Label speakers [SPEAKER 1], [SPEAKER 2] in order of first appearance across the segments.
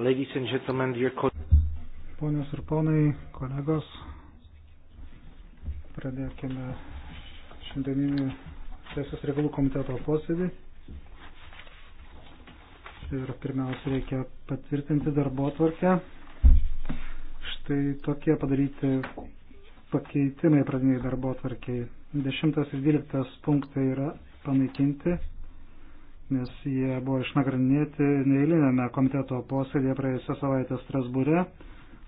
[SPEAKER 1] Ladies and gentlemen, dear Ponios ir ponai, kolegos, pradėkime šiandieninį Teisės reikalų komiteto posėdį. Ir pirmiausia, reikia patvirtinti darbo tvarkę. Štai tokie padaryti pakeitimai pradiniai darbo tvarkiai. 10 ir 12 punktai yra panaikinti nes jie buvo išnagrinėti neįlinėme komiteto posėdėje praėjusią savaitę Strasbūre,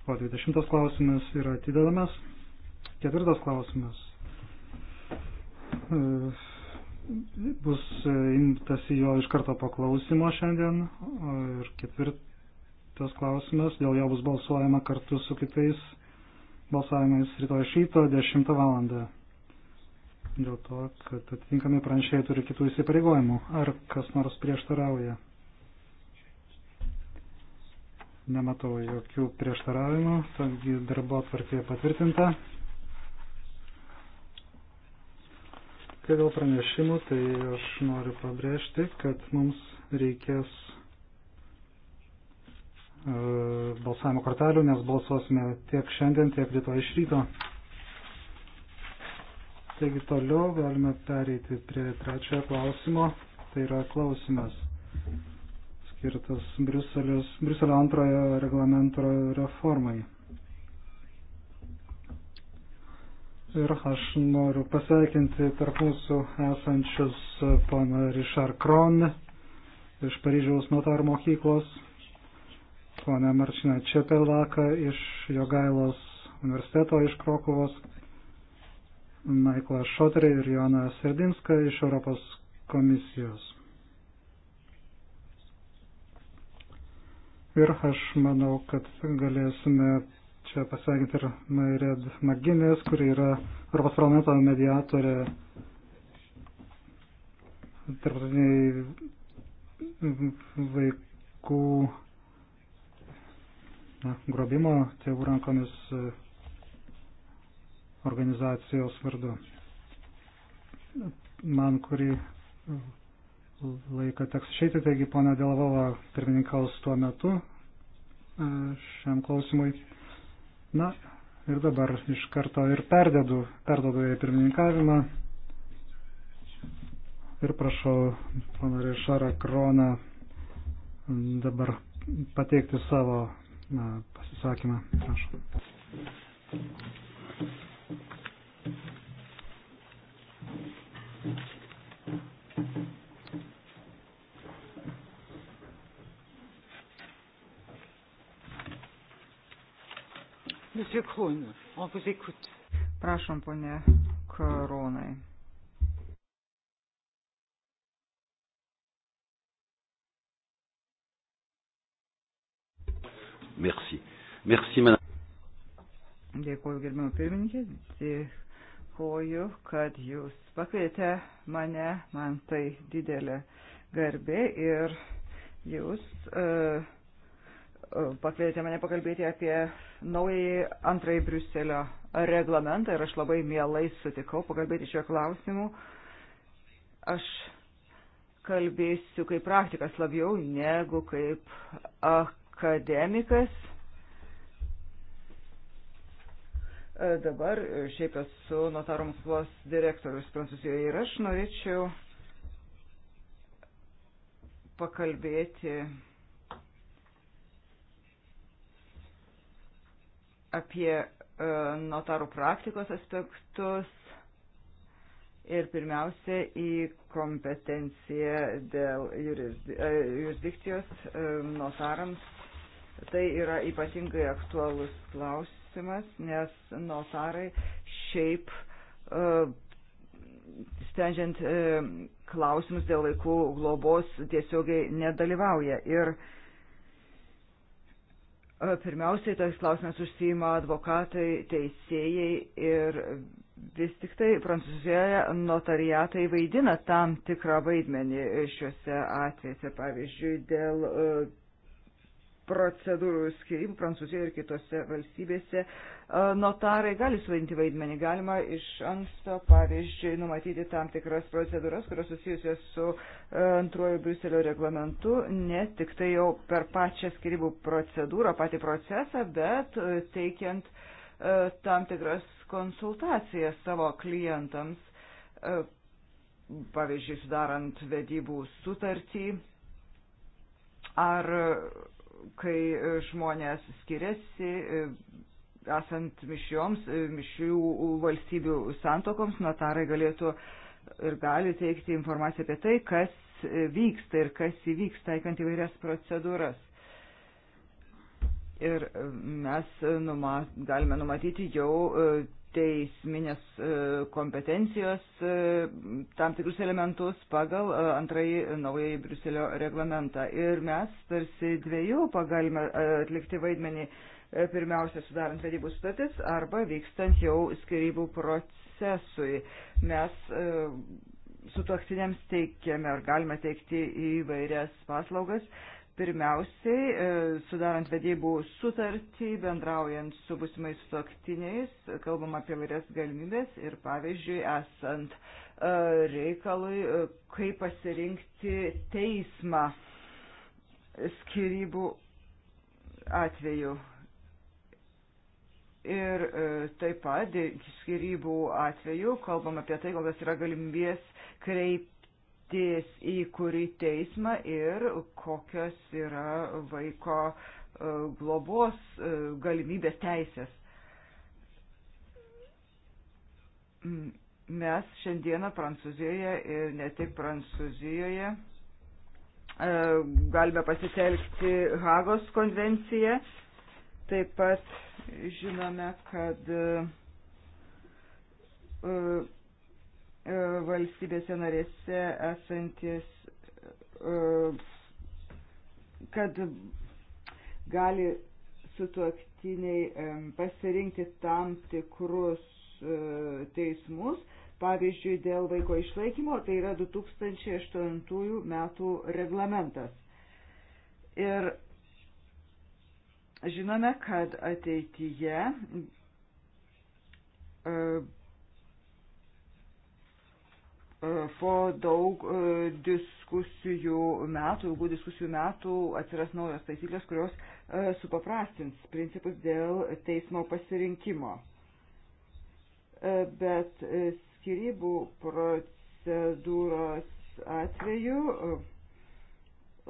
[SPEAKER 1] o 20 klausimas yra atidedamas. Ketvirtas klausimas e, bus imtas jo iš karto paklausimo šiandien ir ketvirtas klausimas, dėl jo bus balsuojama kartu su kitais balsavimais rytoj šito 10 valandą dėl to, kad atitinkami pranešėjai turi kitų įsipareigojimų. Ar kas nors prieštarauja? Nematau jokių prieštaravimų, taigi darbo atvarkė patvirtinta. Kai dėl pranešimų, tai aš noriu pabrėžti, kad mums reikės e, balsavimo kortelių, nes balsuosime tiek šiandien, tiek rytoj iš ryto. Taigi toliau galime pereiti prie trečiojo klausimo. Tai yra klausimas skirtas Briuselio antrojo reglamento reformai. Ir aš noriu pasveikinti tarp mūsų esančius pana Richard Kron iš Paryžiaus notarų mokyklos, pana Marčina Čepelaka iš Jogailos universiteto iš Krokovos Maiklą Šoterį ir Joną Serdinską iš Europos komisijos. Ir aš manau, kad galėsime čia pasveikinti ir Maired Maginės, kuri yra Europos parlamento mediatorė tarptautiniai vaikų na, grobimo tėvų rankomis organizacijos vardu. Man kurį laiką teks išeiti, taigi ponia Delavova pirmininkaus tuo metu e, šiam klausimui. Na ir dabar iš karto ir perdedu, perdodu į pirmininkavimą ir prašau pana Rešarą Kroną dabar pateikti savo na, pasisakymą. Prašau.
[SPEAKER 2] Monsieur Kroon, on vous écoute. Prašom, ponė Karonai.
[SPEAKER 3] Merci. Merci, madame.
[SPEAKER 2] Dėkuoju, gerbiamą pirmininkė. Dėkuoju, kad jūs pakvietė mane. Man tai didelė garbė ir jūs uh, pakvietė mane pakalbėti apie naująjį antrąjį Briuselio reglamentą ir aš labai mielai sutikau pakalbėti šio klausimu. Aš kalbėsiu kaip praktikas labiau negu kaip akademikas. E, dabar šiaip esu notarų mokyklos direktorius Prancūzijoje ir aš norėčiau pakalbėti apie e, notarų praktikos aspektus ir pirmiausia į kompetenciją dėl e, jurisdikcijos e, notarams. Tai yra ypatingai aktualus klausimas, nes notarai šiaip sprendžiant klausimus dėl vaikų globos tiesiogiai nedalyvauja. Ir uh, Pirmiausiai tais klausimais užsijima advokatai, teisėjai ir vis tik tai Prancūzijoje notariatai vaidina tam tikrą vaidmenį šiuose atvejuose, pavyzdžiui, dėl procedūrų skirim Prancūzijoje ir kitose valstybėse. Notarai gali suvaidinti vaidmenį, galima iš anksto, pavyzdžiui, numatyti tam tikras procedūras, kurios susijusios su e, antruoju Briuselio reglamentu, ne tik tai jau per pačią skirybų procedūrą, patį procesą, bet e, teikiant e, tam tikras konsultacijas savo klientams, pavyzdžiui, sudarant vedybų sutartį ar kai e, žmonės skiriasi, e, esant mišioms, e, mišių valstybių santokoms, notarai galėtų ir gali teikti informaciją apie tai, kas vyksta ir kas įvyks taikant įvairias procedūras. Ir mes numat, galime numatyti jau teisminės e, kompetencijos e, tam tikrus elementus pagal e, antrąjį naująjį Briuselio reglamentą. Ir mes tarsi dviejų pagalime atlikti vaidmenį pirmiausia sudarant vedybų sutartis arba vykstant jau skirybų procesui. Mes su tuoktinėms teikiame ar galime teikti įvairias paslaugas, Pirmiausiai, e, sudarant vedybų sutartį, bendraujant su būsimais suoktiniais, kalbam apie vairias galimybės ir pavyzdžiui, esant e, reikalui, e, kaip pasirinkti teismą skirybų atveju. Ir taip pat skirybų atveju kalbam apie tai, kokios yra galimybės kreip dės į kurį teismą ir kokios yra vaiko e, globos e, galimybės teisės. Mes šiandieną Prancūzijoje ir ne tik Prancūzijoje e, galime pasitelkti Hagos konvenciją. Taip pat žinome, kad E, valstybėse narėse esantis, e, kad gali sutuoktiniai e, pasirinkti tam tikrus teismus, pavyzdžiui, dėl vaiko išlaikymo, tai yra 2008 metų reglamentas. Ir žinome, kad ateityje po daug e, diskusijų metų, ilgų diskusijų metų atsiras naujos taisyklės, kurios e, supaprastins principus dėl teismo pasirinkimo. E, bet skirybų procedūros atveju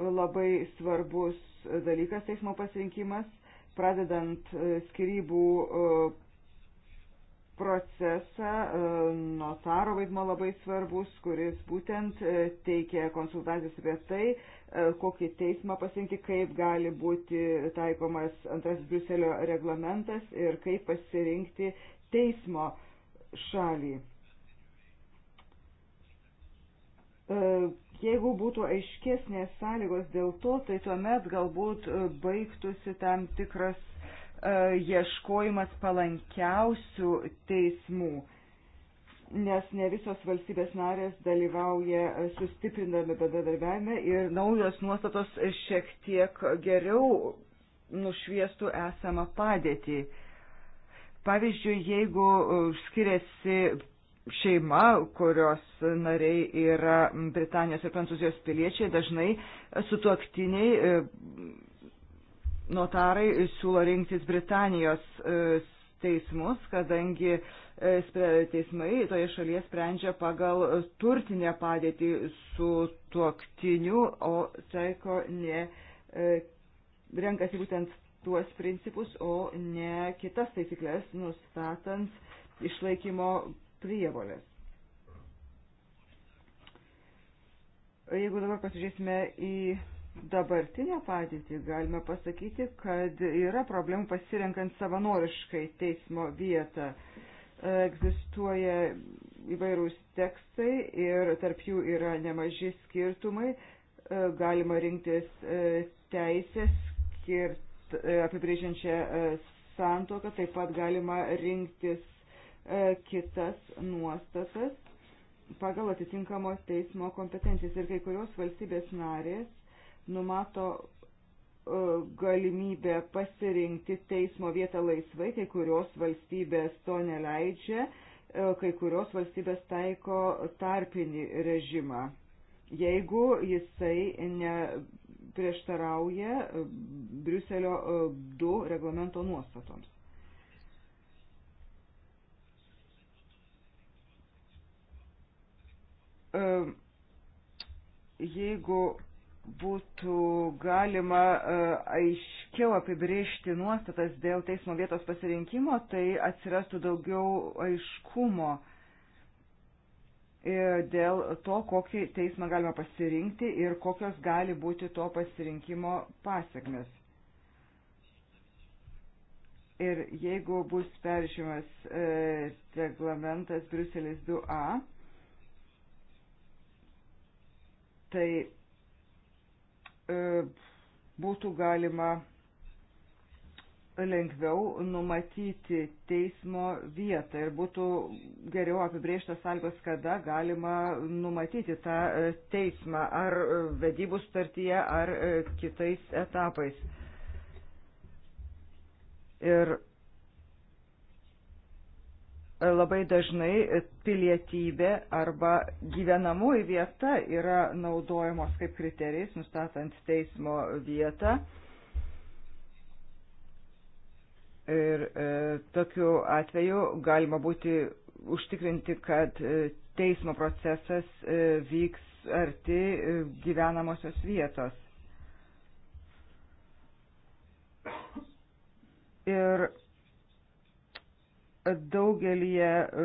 [SPEAKER 2] labai svarbus dalykas teismo pasirinkimas, pradedant skirybų procesą, e, notaro vaidmo labai svarbus, kuris būtent e, teikia konsultacijas apie tai, e, kokį teismą pasirinkti, kaip gali būti taikomas antrasis Briuselio reglamentas ir kaip pasirinkti teismo šalį. Jeigu būtų aiškesnės sąlygos dėl to, tai tuomet galbūt baigtųsi tam tikras E, ieškojimas palankiausių teismų, nes ne visos valstybės narės dalyvauja sustiprindami bendradarbiavime ir naujos nuostatos šiek tiek geriau nušviestų esamą padėtį. Pavyzdžiui, jeigu skiriasi šeima, kurios nariai yra Britanijos ir Prancūzijos piliečiai, dažnai sutuoktiniai notarai siūlo rinktis Britanijos e, teismus, kadangi e, teismai toje šalyje sprendžia pagal turtinę padėtį su tuoktiniu, o taiko ne e, renkasi būtent tuos principus, o ne kitas taisyklės, nustatant išlaikymo prievolės. Jeigu dabar pasižiūrėsime į dabartinę patirtį galime pasakyti, kad yra problemų pasirenkant savanoriškai teismo vietą. E, egzistuoja įvairūs tekstai ir tarp jų yra nemaži skirtumai. E, galima rinktis e, teisės skirt, apibrėžiančią santoką, taip pat galima rinktis kitas nuostatas pagal atitinkamos teismo kompetencijas. Ir kai kurios valstybės narės numato e, galimybę pasirinkti teismo vietą laisvai, kai kurios valstybės to neleidžia, e, kai kurios valstybės taiko tarpinį režimą, jeigu jisai neprieštarauja e, Briuselio 2 reglamento nuostatoms. Jeigu būtų galima e, aiškiau apibriežti nuostatas dėl teismo vietos pasirinkimo, tai atsirastų daugiau aiškumo e, dėl to, kokį teismą galima pasirinkti ir kokios gali būti to pasirinkimo pasiekmes. Ir jeigu bus peržimas e, reglamentas Bruselis 2A, tai E, būtų galima lengviau numatyti teismo vietą ir būtų geriau apibrėžtas sąlygos, kada galima numatyti tą e, teismą ar e, vedybų startyje ar kitais etapais. Ir labai dažnai pilietybė arba gyvenamoji vieta yra naudojamos kaip kriterijais, nustatant teismo vietą. Ir e, tokiu atveju galima būti užtikrinti, kad e, teismo procesas e, vyks arti e, gyvenamosios vietos. Ir daugelie e,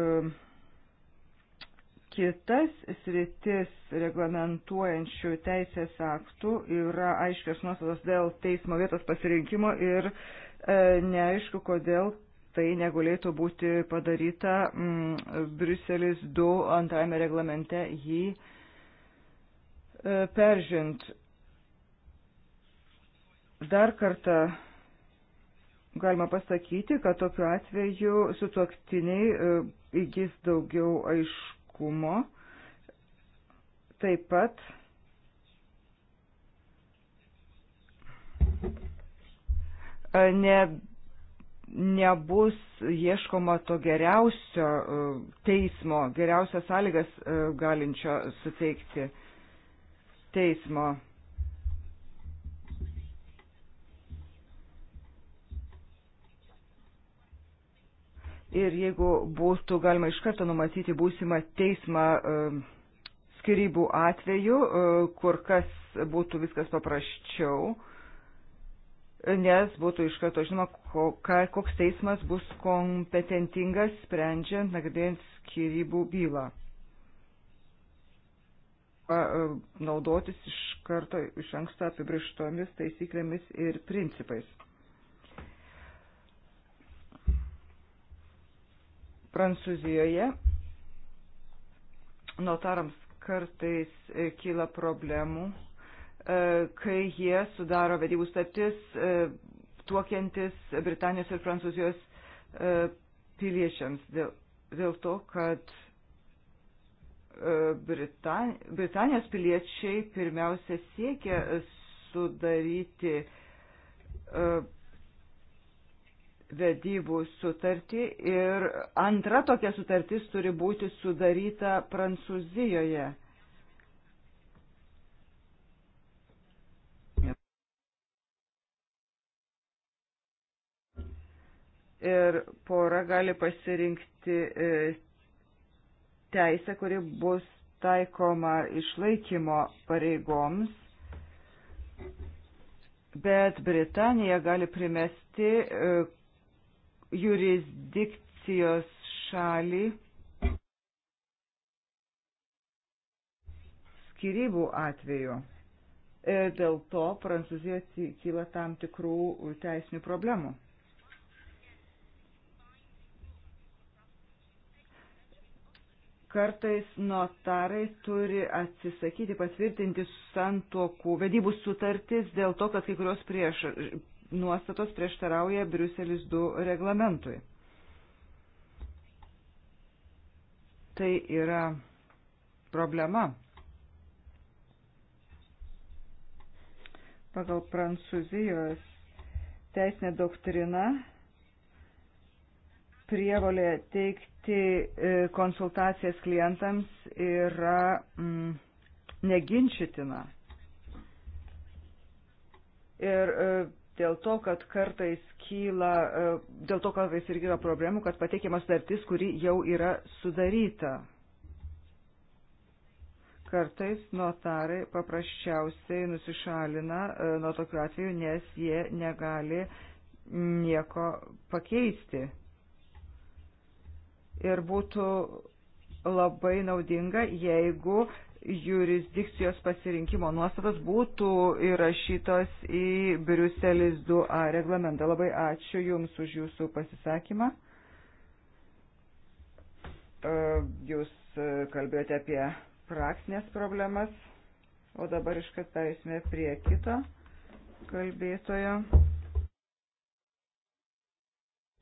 [SPEAKER 2] kitas sritis reglamentuojančių teisės aktų yra aiškios nuostatos dėl teismo vietos pasirinkimo ir e, neaišku, kodėl tai negalėtų būti padaryta. Mm, Briuselis 2 antrajame reglamente jį e, peržint. Dar kartą Galima pasakyti, kad tokiu atveju sutuoktiniai e, įgis daugiau aiškumo. Taip pat e, ne, nebus ieškoma to geriausio e, teismo, geriausias sąlygas galinčio suteikti teismo Ir jeigu būtų galima iš karto numatyti būsimą teismą skirybų atveju, e, kur kas būtų viskas paprasčiau, nes būtų iš karto žinoma, koks teismas bus kompetentingas sprendžiant, nagrinėjant skirybų bylą. E, naudotis iš karto iš anksto apibrištomis taisyklėmis ir principais. Prancūzijoje notarams kartais e, kyla problemų, e, kai jie sudaro vedybų statis e, tuokiantis Britanijos ir Prancūzijos piliečiams dėl, dėl to, kad Britan, Britanijos piliečiai pirmiausia siekia sudaryti uh, vedybų sutartį ir antra tokia sutartis turi būti sudaryta Prancūzijoje. Ir pora gali pasirinkti e, teisę, kuri bus taikoma išlaikymo pareigoms bet Britanija gali primesti e, jurisdikcijos šalį skirybų atveju. E, dėl to Prancūzijoje kyla tam tikrų teisinių problemų. Kartais notarai turi atsisakyti patvirtinti santokų vedybų sutartis dėl to, kad kai kurios prieš, nuostatos prieštarauja Briuselis 2 reglamentui. Tai yra problema. Pagal Prancūzijos teisinę doktriną prievolė teikti e, konsultacijas klientams yra mm, neginčitina. Ir e, dėl to, kad kartais kyla, e, dėl to kartais irgi yra problemų, kad pateikiama sutartis, kuri jau yra sudaryta. Kartais notarai paprasčiausiai nusišalina e, nuo tokių atvejų, nes jie negali nieko pakeisti. Ir būtų labai naudinga, jeigu jurisdikcijos pasirinkimo nuostatas būtų įrašytos į Briuselis 2A reglamentą. Labai ačiū Jums už Jūsų pasisakymą. E, Jūs kalbėjote apie praktinės problemas, o dabar iškart taisime prie kito kalbėtojo.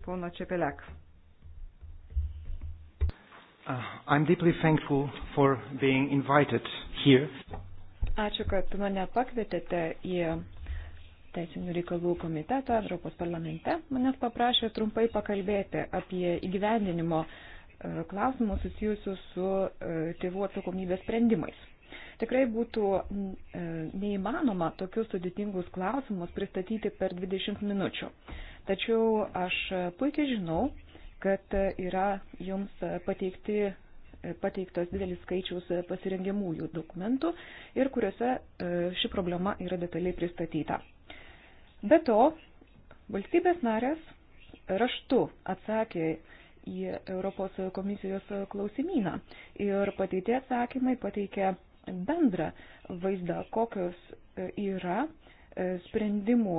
[SPEAKER 2] Pono Čepelek.
[SPEAKER 1] Uh, I'm deeply thankful for being invited here.
[SPEAKER 3] Ačiū, kad mane pakvietėte į Teisinių reikalų komitetą Europos parlamente. Manęs paprašė trumpai pakalbėti apie įgyvendinimo uh, klausimus susijusius su uh, tėvų atsakomybės sprendimais. Tikrai būtų neįmanoma tokius sudėtingus klausimus pristatyti per 20 minučių. Tačiau aš puikiai žinau, kad e, yra jums e, pateikti, e, pateiktas didelis skaičius pasirengiamųjų dokumentų ir kuriuose ši problema yra detaliai pristatyta. Be to, valstybės narės raštu atsakė į Europos komisijos klausimyną ir pateikti atsakymai pateikė bendrą vaizdą, kokios yra sprendimų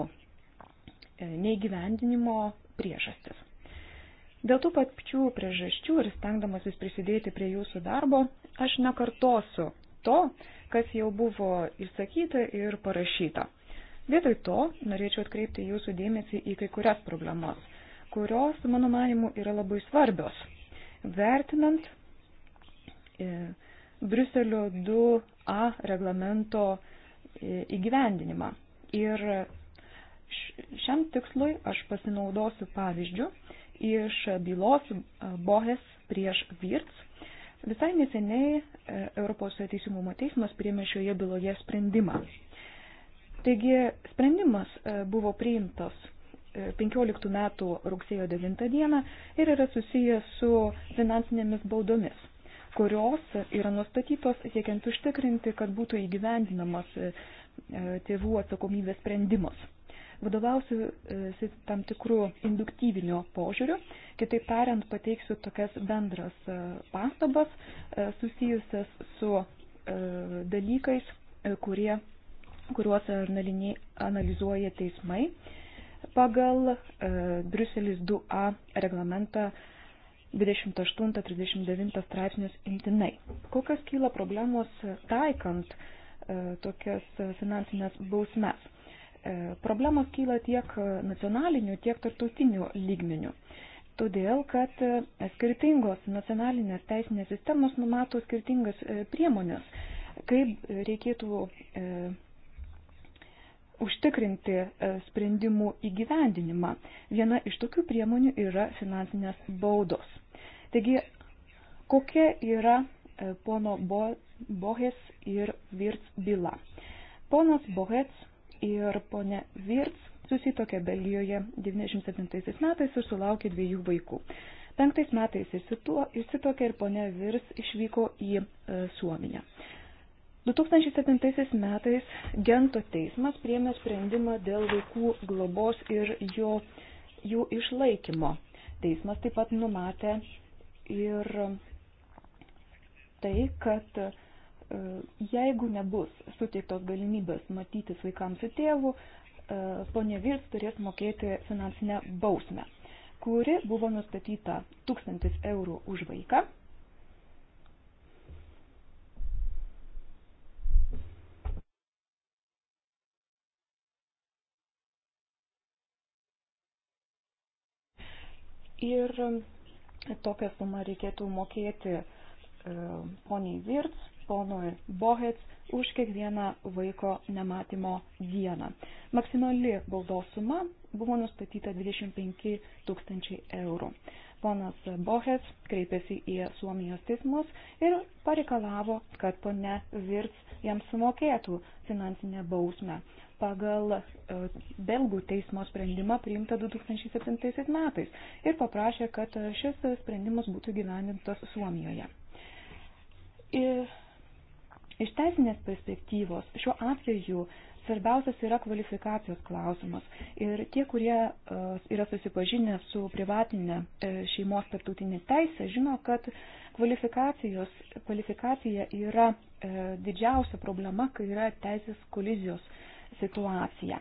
[SPEAKER 3] neįgyvendinimo priežastis. Dėl tų pačių priežasčių ir stengdamasis prisidėti prie jūsų darbo, aš nekartosiu to, kas jau buvo išsakyta ir parašyta. Vietoj to norėčiau atkreipti jūsų dėmesį į kai kurias problemas, kurios, mano manimu, yra labai svarbios. Vertinant e, Briuselio 2A reglamento e, įgyvendinimą. Ir šiam tikslui aš pasinaudosiu pavyzdžių iš bylos Bohes prieš Virts. Visai neseniai e, Europos teisingumo teismas priėmė šioje byloje sprendimą. Taigi sprendimas e, buvo priimtas 15 e, metų rugsėjo 9 dieną ir yra susijęs su finansinėmis baudomis, kurios yra nustatytos siekiant užtikrinti, kad būtų įgyvendinamas tėvų atsakomybės sprendimas vadovausiu e, tam tikrų induktyvinio požiūrių, kitaip tariant, pateiksiu tokias bendras e, pastabas e, susijusias su dalykais, kurie, kuriuos analizuoja teismai pagal Bruselis 2A reglamentą 28-39 straipsnius imtinai. Kokios kyla problemos taikant tokias finansinės bausmes? E, Problemos kyla tiek nacionaliniu, tiek tarptautiniu lygmeniu. Todėl, kad e, skirtingos nacionalinės teisinės sistemos numato skirtingas e, priemonės, kaip reikėtų užtikrinti sprendimų įgyvendinimą. Viena iš tokių priemonių yra finansinės baudos. Taigi, kokia yra pono Bohes ir Virts byla? Ponas Bohets ir ponė Virts susitokė Belgijoje 97 metais ir sulaukė dviejų vaikų. Penktais metais išsitokė ir ponė Virs išvyko į e, Suomiją. 2007 metais Gento teismas priėmė sprendimą dėl vaikų globos ir jo, jų išlaikymo. Teismas taip pat numatė ir tai, kad E, jeigu nebus suteiktos galimybės matytis vaikams su tėvu, e, ponė Virs turės mokėti finansinę bausmę, kuri buvo nustatyta 1000 eurų už vaiką. Ir tokią sumą reikėtų mokėti E, poniai Virts, ponui Bohets už kiekvieną vaiko nematymo dieną. Maksimali baudos suma buvo nustatyta 25 tūkstančiai eurų. Ponas Bohets kreipėsi į Suomijos teismus ir pareikalavo, kad ponia Virts jam sumokėtų finansinę bausmę pagal e, Belgų teismo sprendimą priimtą 2007 metais ir paprašė, kad šis sprendimas būtų gyvenintas Suomijoje. Ir iš teisinės perspektyvos šiuo atveju svarbiausias yra kvalifikacijos klausimas. Ir tie, kurie e, yra susipažinę su privatinė e, šeimos tarptautinė teisė, žino, kad kvalifikacija yra e, didžiausia problema, kai yra teisės kolizijos situacija.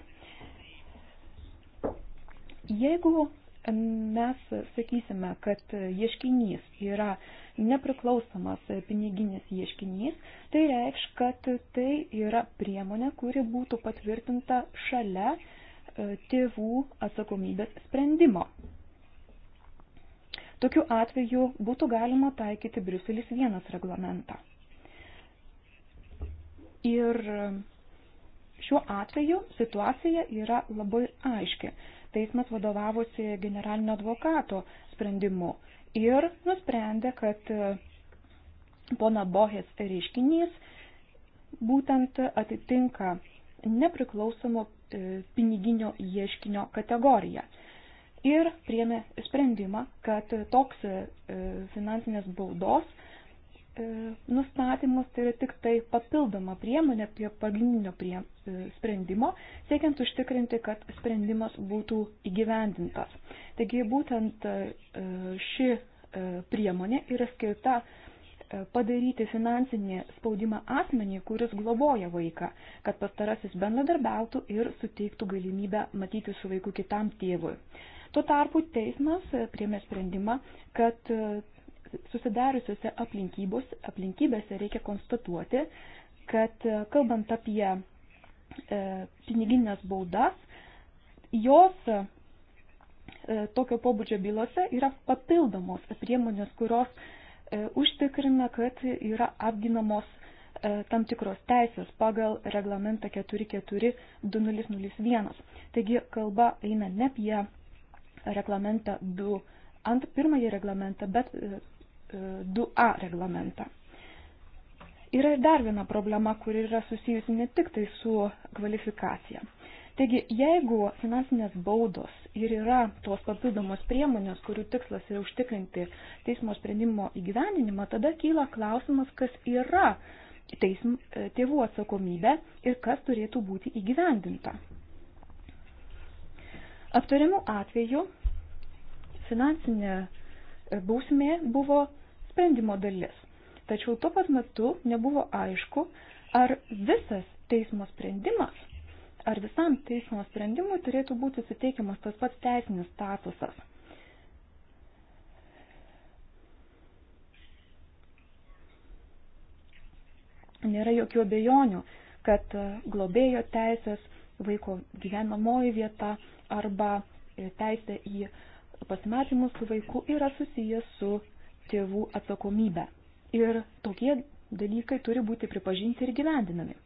[SPEAKER 3] Jeigu mes sakysime, kad ieškinys yra nepriklausomas piniginis ieškinys, tai reikš, kad tai yra priemonė, kuri būtų patvirtinta šalia e, tėvų atsakomybės sprendimo. Tokiu atveju būtų galima taikyti Briuselis vienas reglamentą. Ir e, šiuo atveju situacija yra labai aiški teismas vadovavosi generalinio advokato sprendimu ir nusprendė, kad e, pona Bohės reiškinys būtent atitinka nepriklausomo e, piniginio ieškinio kategoriją. Ir priemė sprendimą, kad toks e, finansinės baudos E, nustatymus, tai yra tik tai papildoma priemonė prie pagrindinio prie, e, sprendimo, siekiant užtikrinti, kad sprendimas būtų įgyvendintas. Taigi būtent e, ši priemonė yra skirta padaryti finansinį spaudimą asmenį, kuris globoja vaiką, kad pastarasis bendradarbiautų ir suteiktų galimybę matyti su vaiku kitam tėvui. Tuo tarpu teismas priemė sprendimą, kad susidariusiuose aplinkybėse reikia konstatuoti, kad e, kalbant apie e, piniginės baudas, jos e, tokio pobūdžio bylose yra papildomos priemonės, kurios e, užtikrina, kad yra apginamos e, tam tikros teisės pagal reglamentą 442001. Taigi kalba eina ne apie reglamentą 2 ant pirmąjį reglamentą, bet e, 2A reglamentą. Yra ir dar viena problema, kuri yra susijusi ne tik tai su kvalifikacija. Taigi, jeigu finansinės baudos ir yra tos papildomos priemonės, kurių tikslas yra užtikrinti teismo sprendimo įgyveninimą, tada kyla klausimas, kas yra teism, e, tėvų atsakomybė ir kas turėtų būti įgyvendinta. Aptariamų atveju finansinė e, bausmė buvo sprendimo dalis. Tačiau tuo pat metu nebuvo aišku, ar visas teismo sprendimas, ar visam teismo sprendimui turėtų būti suteikiamas tas pats teisinis statusas. Nėra jokių abejonių, kad globėjo teisės, vaiko gyvenamoji vieta arba teisė į pasimatymus su vaiku yra susijęs su tėvų atsakomybę. Ir tokie dalykai turi būti pripažinti ir gyvendinami.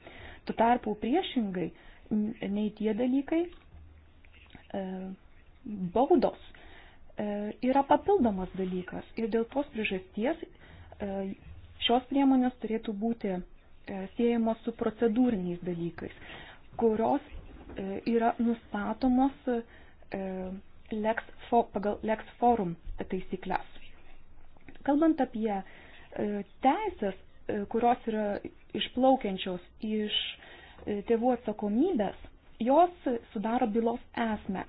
[SPEAKER 3] Tuo tarpu priešingai nei tie dalykai e, baudos e, yra papildomas dalykas ir dėl tos priežasties e, šios priemonės turėtų būti e, siejamos su procedūriniais dalykais, kurios e, yra nustatomos e, lex for, pagal Lex Forum taisyklės. Kalbant apie e, teisės, e, kurios yra išplaukiančios iš e, tėvų atsakomybės, jos sudaro bylos esmę.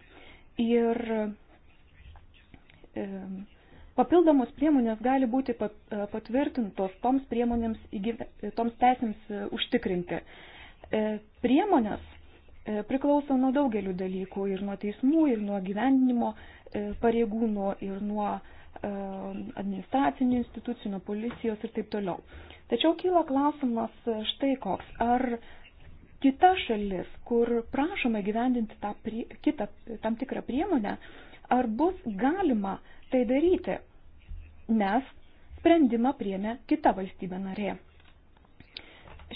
[SPEAKER 3] Ir papildomos priemonės gali būti patvirtintos toms priemonėms, toms teisėms užtikrinti. Priemonės priklauso nuo daugelių dalykų ir nuo teismų, ir nuo gyvendinimo pareigūnų, ir nuo uh, Um, administracinių institucijų, nuo policijos ir taip toliau. Tačiau kyla klausimas e, štai koks, ar kita šalis, kur prašome gyvendinti tą prie, kitą, tam tikrą priemonę, ar bus galima tai daryti, nes sprendimą priemė kita valstybė narė.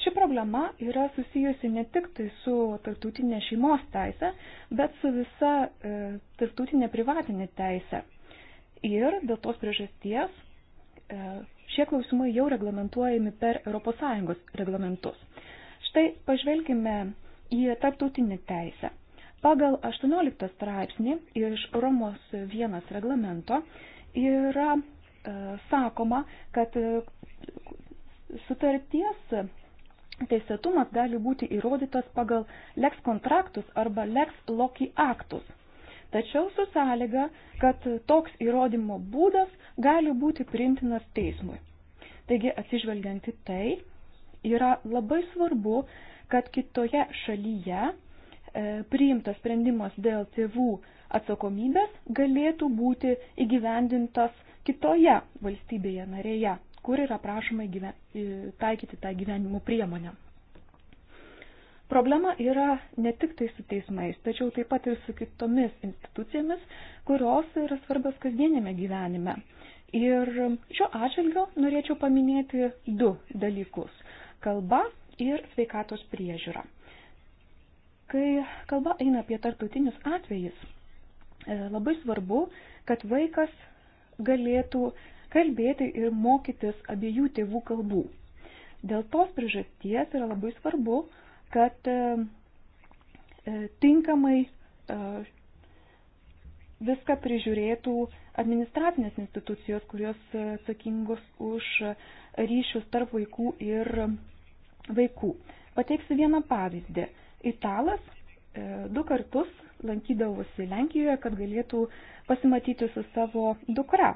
[SPEAKER 3] Ši problema yra susijusi ne tik tai su tarptautinė šeimos teisė, bet su visa e, tarptautinė privatinė teisė. Ir dėl tos priežasties e, šie klausimai jau reglamentuojami per ES reglamentus. Štai pažvelgime į tarptautinę teisę. Pagal 18 straipsnį iš Romos 1 reglamento yra e, sakoma, kad e, sutarties teisėtumas gali būti įrodytas pagal lex kontraktus arba lex loci aktus tačiau su sąlyga, kad toks įrodymo būdas gali būti priimtinas teismui. Taigi, atsižvelgianti tai, yra labai svarbu, kad kitoje šalyje e, priimtas sprendimas dėl tėvų atsakomybės galėtų būti įgyvendintas kitoje valstybėje narėje, kur yra prašoma taikyti tą gyvenimo priemonę. Problema yra ne tik tai su teismais, tačiau taip pat ir su kitomis institucijomis, kurios yra svarbios kasdienėme gyvenime. Ir šiuo atžvilgiu norėčiau paminėti du dalykus - kalba ir sveikatos priežiūra. Kai kalba eina apie tartutinius atvejus, e, labai svarbu, kad vaikas galėtų kalbėti ir mokytis abiejų tėvų kalbų. Dėl tos priežasties yra labai svarbu, kad e, e, tinkamai e, viską prižiūrėtų administracinės institucijos, kurios atsakingos už ryšius tarp vaikų ir vaikų. Pateiksiu vieną pavyzdį. Italas du kartus lankydavosi Lenkijoje, kad galėtų pasimatyti su savo dukra.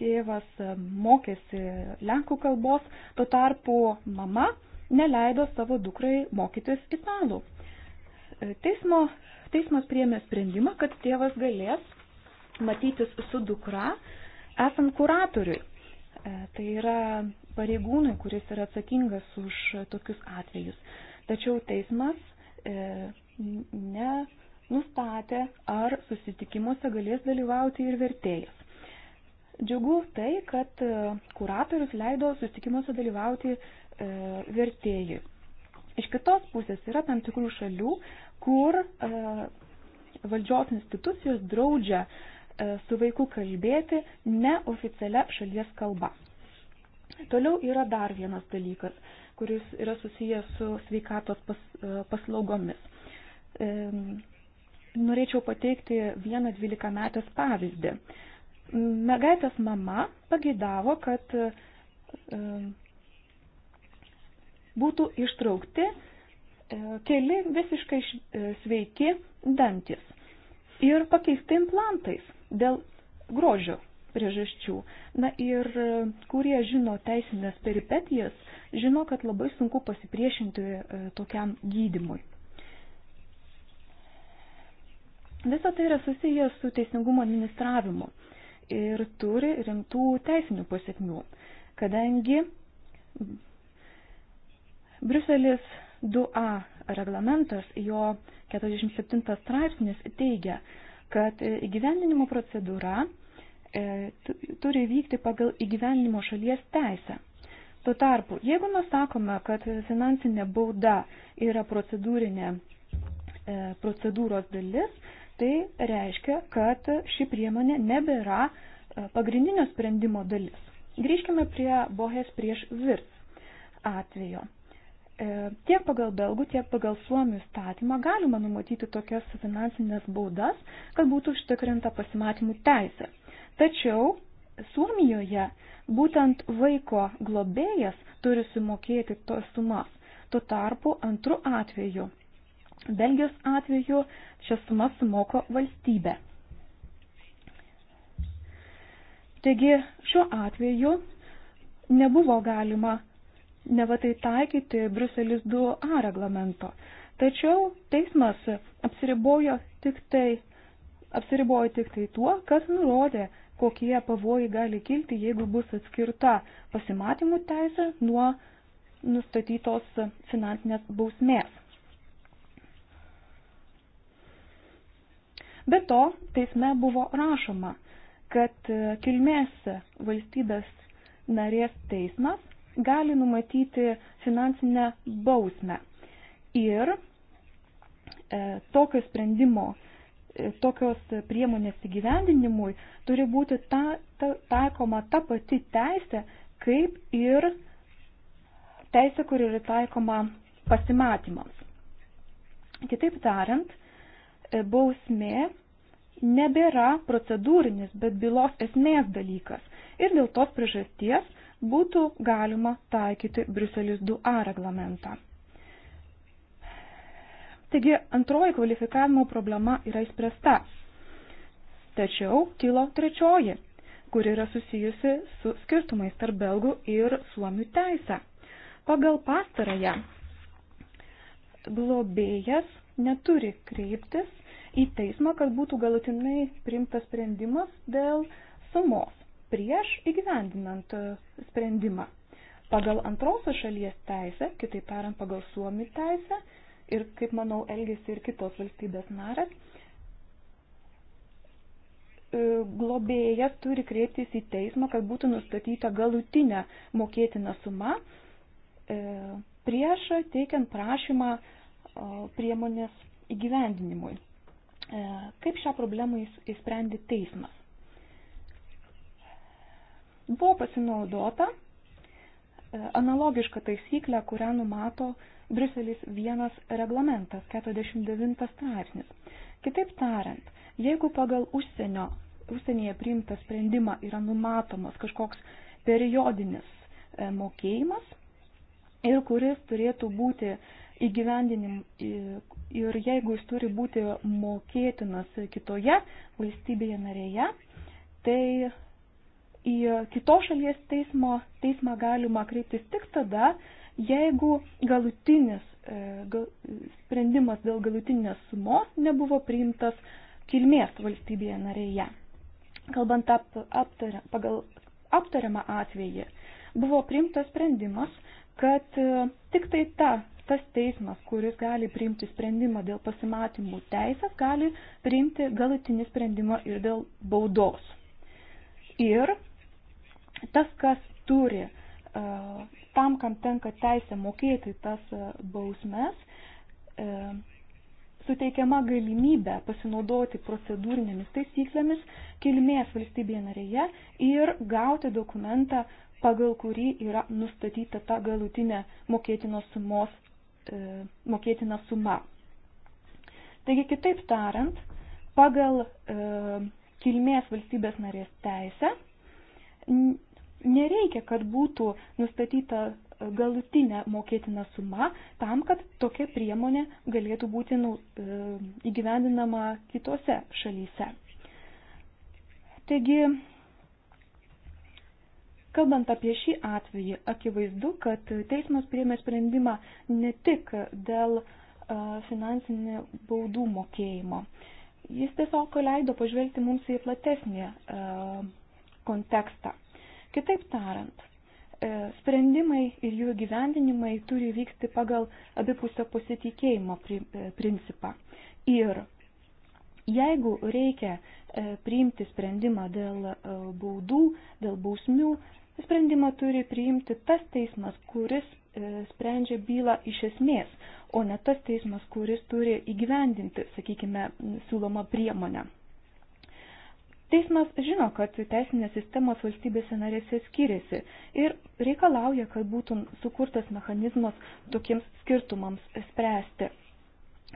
[SPEAKER 3] Tėvas mokėsi lenkų kalbos, tuo tarpu mama neleido savo dukrai mokytis italų. E, teismo, teismas priėmė sprendimą, kad tėvas galės matytis su dukra esant kuratoriui. E, tai yra pareigūnui, kuris yra atsakingas už tokius atvejus. Tačiau teismas e, nenustatė, ar susitikimuose galės dalyvauti ir vertėjas. Džiugu tai, kad e, kuratorius leido susitikimuose dalyvauti E, vertėjai. Iš kitos pusės yra tam tikrų šalių, kur e, valdžios institucijos draudžia e, su vaiku kalbėti neoficialia šalies kalba. Toliau yra dar vienas dalykas, kuris yra susijęs su sveikatos pas, paslaugomis. Norėčiau pateikti vieną 12 metės pavyzdį. Mergaitės mama pagėdavo, kad būtų ištraukti e, keli visiškai e, sveiki dantis ir pakeisti implantais dėl grožio priežasčių. Na ir e, kurie žino teisinės peripetijas, žino, kad labai sunku pasipriešinti tokiam gydimui. Visą tai yra susijęs su teisingumo administravimu ir turi rimtų teisinių pasiekmių, kadangi Briuselis 2A reglamentas, jo 47 straipsnis teigia, kad e, įgyvendinimo procedūra e, turi vykti pagal įgyvendinimo šalies teisę. Tuo tarpu, jeigu mes sakome, kad finansinė bauda yra procedūrinė e, procedūros dalis, tai reiškia, kad ši priemonė nebėra e, pagrindinio sprendimo dalis. Grįžkime prie Bohės prieš Virs atvejo. E, tiek pagal belgų, tiek pagal suomių statymą galima numatyti tokias finansinės baudas, kad būtų užtikrinta pasimatymų teisė. Tačiau Suomijoje būtent vaiko globėjas turi sumokėti tos sumas. Tuo tarpu antrų atveju, Belgijos atveju, šias sumas sumoko valstybė. Taigi šiuo atveju nebuvo galima nevatai taikyti Bruselis 2A reglamento. Tačiau teismas apsiribojo tik tai, apsiribojo tik tai tuo, kas nurodė, kokie pavojai gali kilti, jeigu bus atskirta pasimatymų teisė nuo nustatytos finansinės bausmės. Be to, teisme buvo rašoma, kad kilmės valstybės narės teismas gali numatyti finansinę bausmę. Ir e, tokio sprendimo, e, tokios priemonės įgyvendinimui turi būti ta, ta, taikoma ta pati teisė, kaip ir teisė, kuri yra taikoma pasimatymams. Kitaip tariant, e, bausmė nebėra procedūrinis, bet bylos esmės dalykas. Ir dėl tos priežasties būtų galima taikyti Briuselis 2A reglamentą. Taigi antroji kvalifikavimo problema yra įspręsta. Tačiau kilo trečioji, kuri yra susijusi su skirtumais tarp belgų ir suomių teisę. Pagal pastarąją globėjas neturi kreiptis į teismą, kad būtų galutinai priimtas sprendimas dėl sumos prieš įgyvendinant e, sprendimą. Pagal antrosios šalies teisę, kitaip tariant, pagal suomi teisę ir, kaip manau, elgesi ir kitos valstybės narės, e, globėjas turi kreiptis į teismą, kad būtų nustatyta galutinė mokėtina suma e, prieš teikiant prašymą priemonės įgyvendinimui. Kaip šią problemą įsprendė teismas? Buvo pasinaudota e, analogiška taisyklė, kurią numato Briselis vienas reglamentas 49 straipsnis. Kitaip tariant, jeigu pagal užsienio, užsienyje priimtą sprendimą yra numatomas kažkoks periodinis e, mokėjimas ir kuris turėtų būti įgyvendinim e, ir jeigu jis turi būti mokėtinas kitoje valstybėje narėje, tai į kitos šalies teismo teismą galima kreiptis tik tada, jeigu galutinis e, gal, sprendimas dėl galutinės sumos nebuvo priimtas kilmės valstybėje narėje. Kalbant ap, aptaria, pagal aptariamą atvejį, buvo priimtas sprendimas, kad e, tik tai ta, tas teismas, kuris gali priimti sprendimą dėl pasimatymų teisės, gali priimti galutinį sprendimą ir dėl baudos. Ir tas, kas turi e, tam, kam tenka teisė mokėti tas e, bausmes, e, suteikiama galimybė pasinaudoti procedūrinėmis taisyklėmis kilmės valstybėje narėje ir gauti dokumentą, pagal kurį yra nustatyta ta galutinė mokėtinos sumos, e, mokėtina suma. Taigi, kitaip tariant, pagal e, kilmės valstybės narės teisę nereikia, kad būtų nustatyta e, galutinė mokėtina suma tam, kad tokia priemonė galėtų būti nu, įgyvendinama kitose šalyse. Taigi, Kalbant apie šį atvejį, akivaizdu, kad teismas priėmė sprendimą ne tik dėl e, finansinių baudų mokėjimo. Jis tiesiog leido pažvelgti mums į platesnį kontekstą. Kitaip tariant, e, sprendimai ir jų gyvendinimai turi vykti pagal abipusio pasitikėjimo e, principą. Ir jeigu reikia e, priimti sprendimą dėl baudų, dėl bausmių, sprendimą turi priimti tas teismas, kuris sprendžia bylą iš esmės, o ne tas teismas, kuris turi įgyvendinti, sakykime, siūlomą priemonę. Teismas žino, kad teisinės sistemos valstybėse narėse skiriasi ir reikalauja, kad būtų sukurtas mechanizmas tokiems skirtumams spręsti.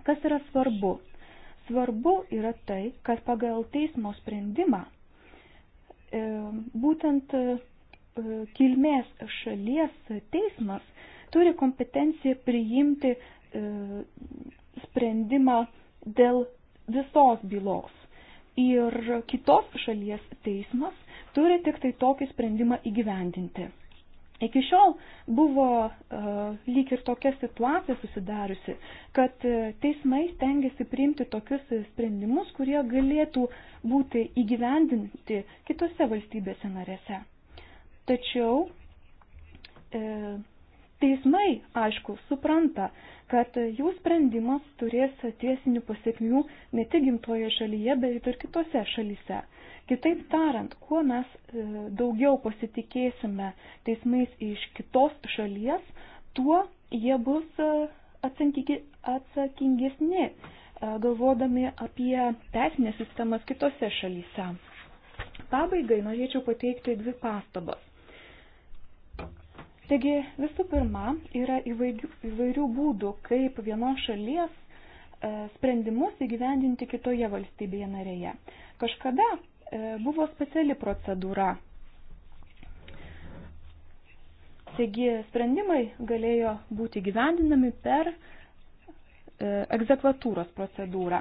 [SPEAKER 3] Kas yra svarbu? Svarbu yra tai, kad pagal teismo sprendimą e, būtent e, kilmės šalies teismas turi kompetenciją priimti e, sprendimą dėl visos bylos ir kitos šalies teismas turi tik tai tokį sprendimą įgyvendinti. Iki šiol buvo uh, lyg ir tokia situacija susidariusi, kad e, teismai stengiasi priimti tokius sprendimus, kurie galėtų būti įgyvendinti kitose valstybėse narėse. Tačiau e, Teismai, aišku, supranta, kad jų sprendimas turės tiesinių pasiekmių ne tik gimtoje šalyje, bet ir kitose šalyse. Kitaip tariant, kuo mes e, daugiau pasitikėsime teismais iš kitos šalies, tuo jie bus e, atsakingesni, e, galvodami apie teisinės sistemas kitose šalyse. Pabaigai norėčiau pateikti dvi pastabas. Taigi visų pirma, yra įvairių, įvairių būdų, kaip vienos šalies e, sprendimus įgyvendinti kitoje valstybėje narėje. Kažkada e, buvo speciali procedūra. Taigi sprendimai galėjo būti gyvendinami per e, egzekvatūros procedūrą.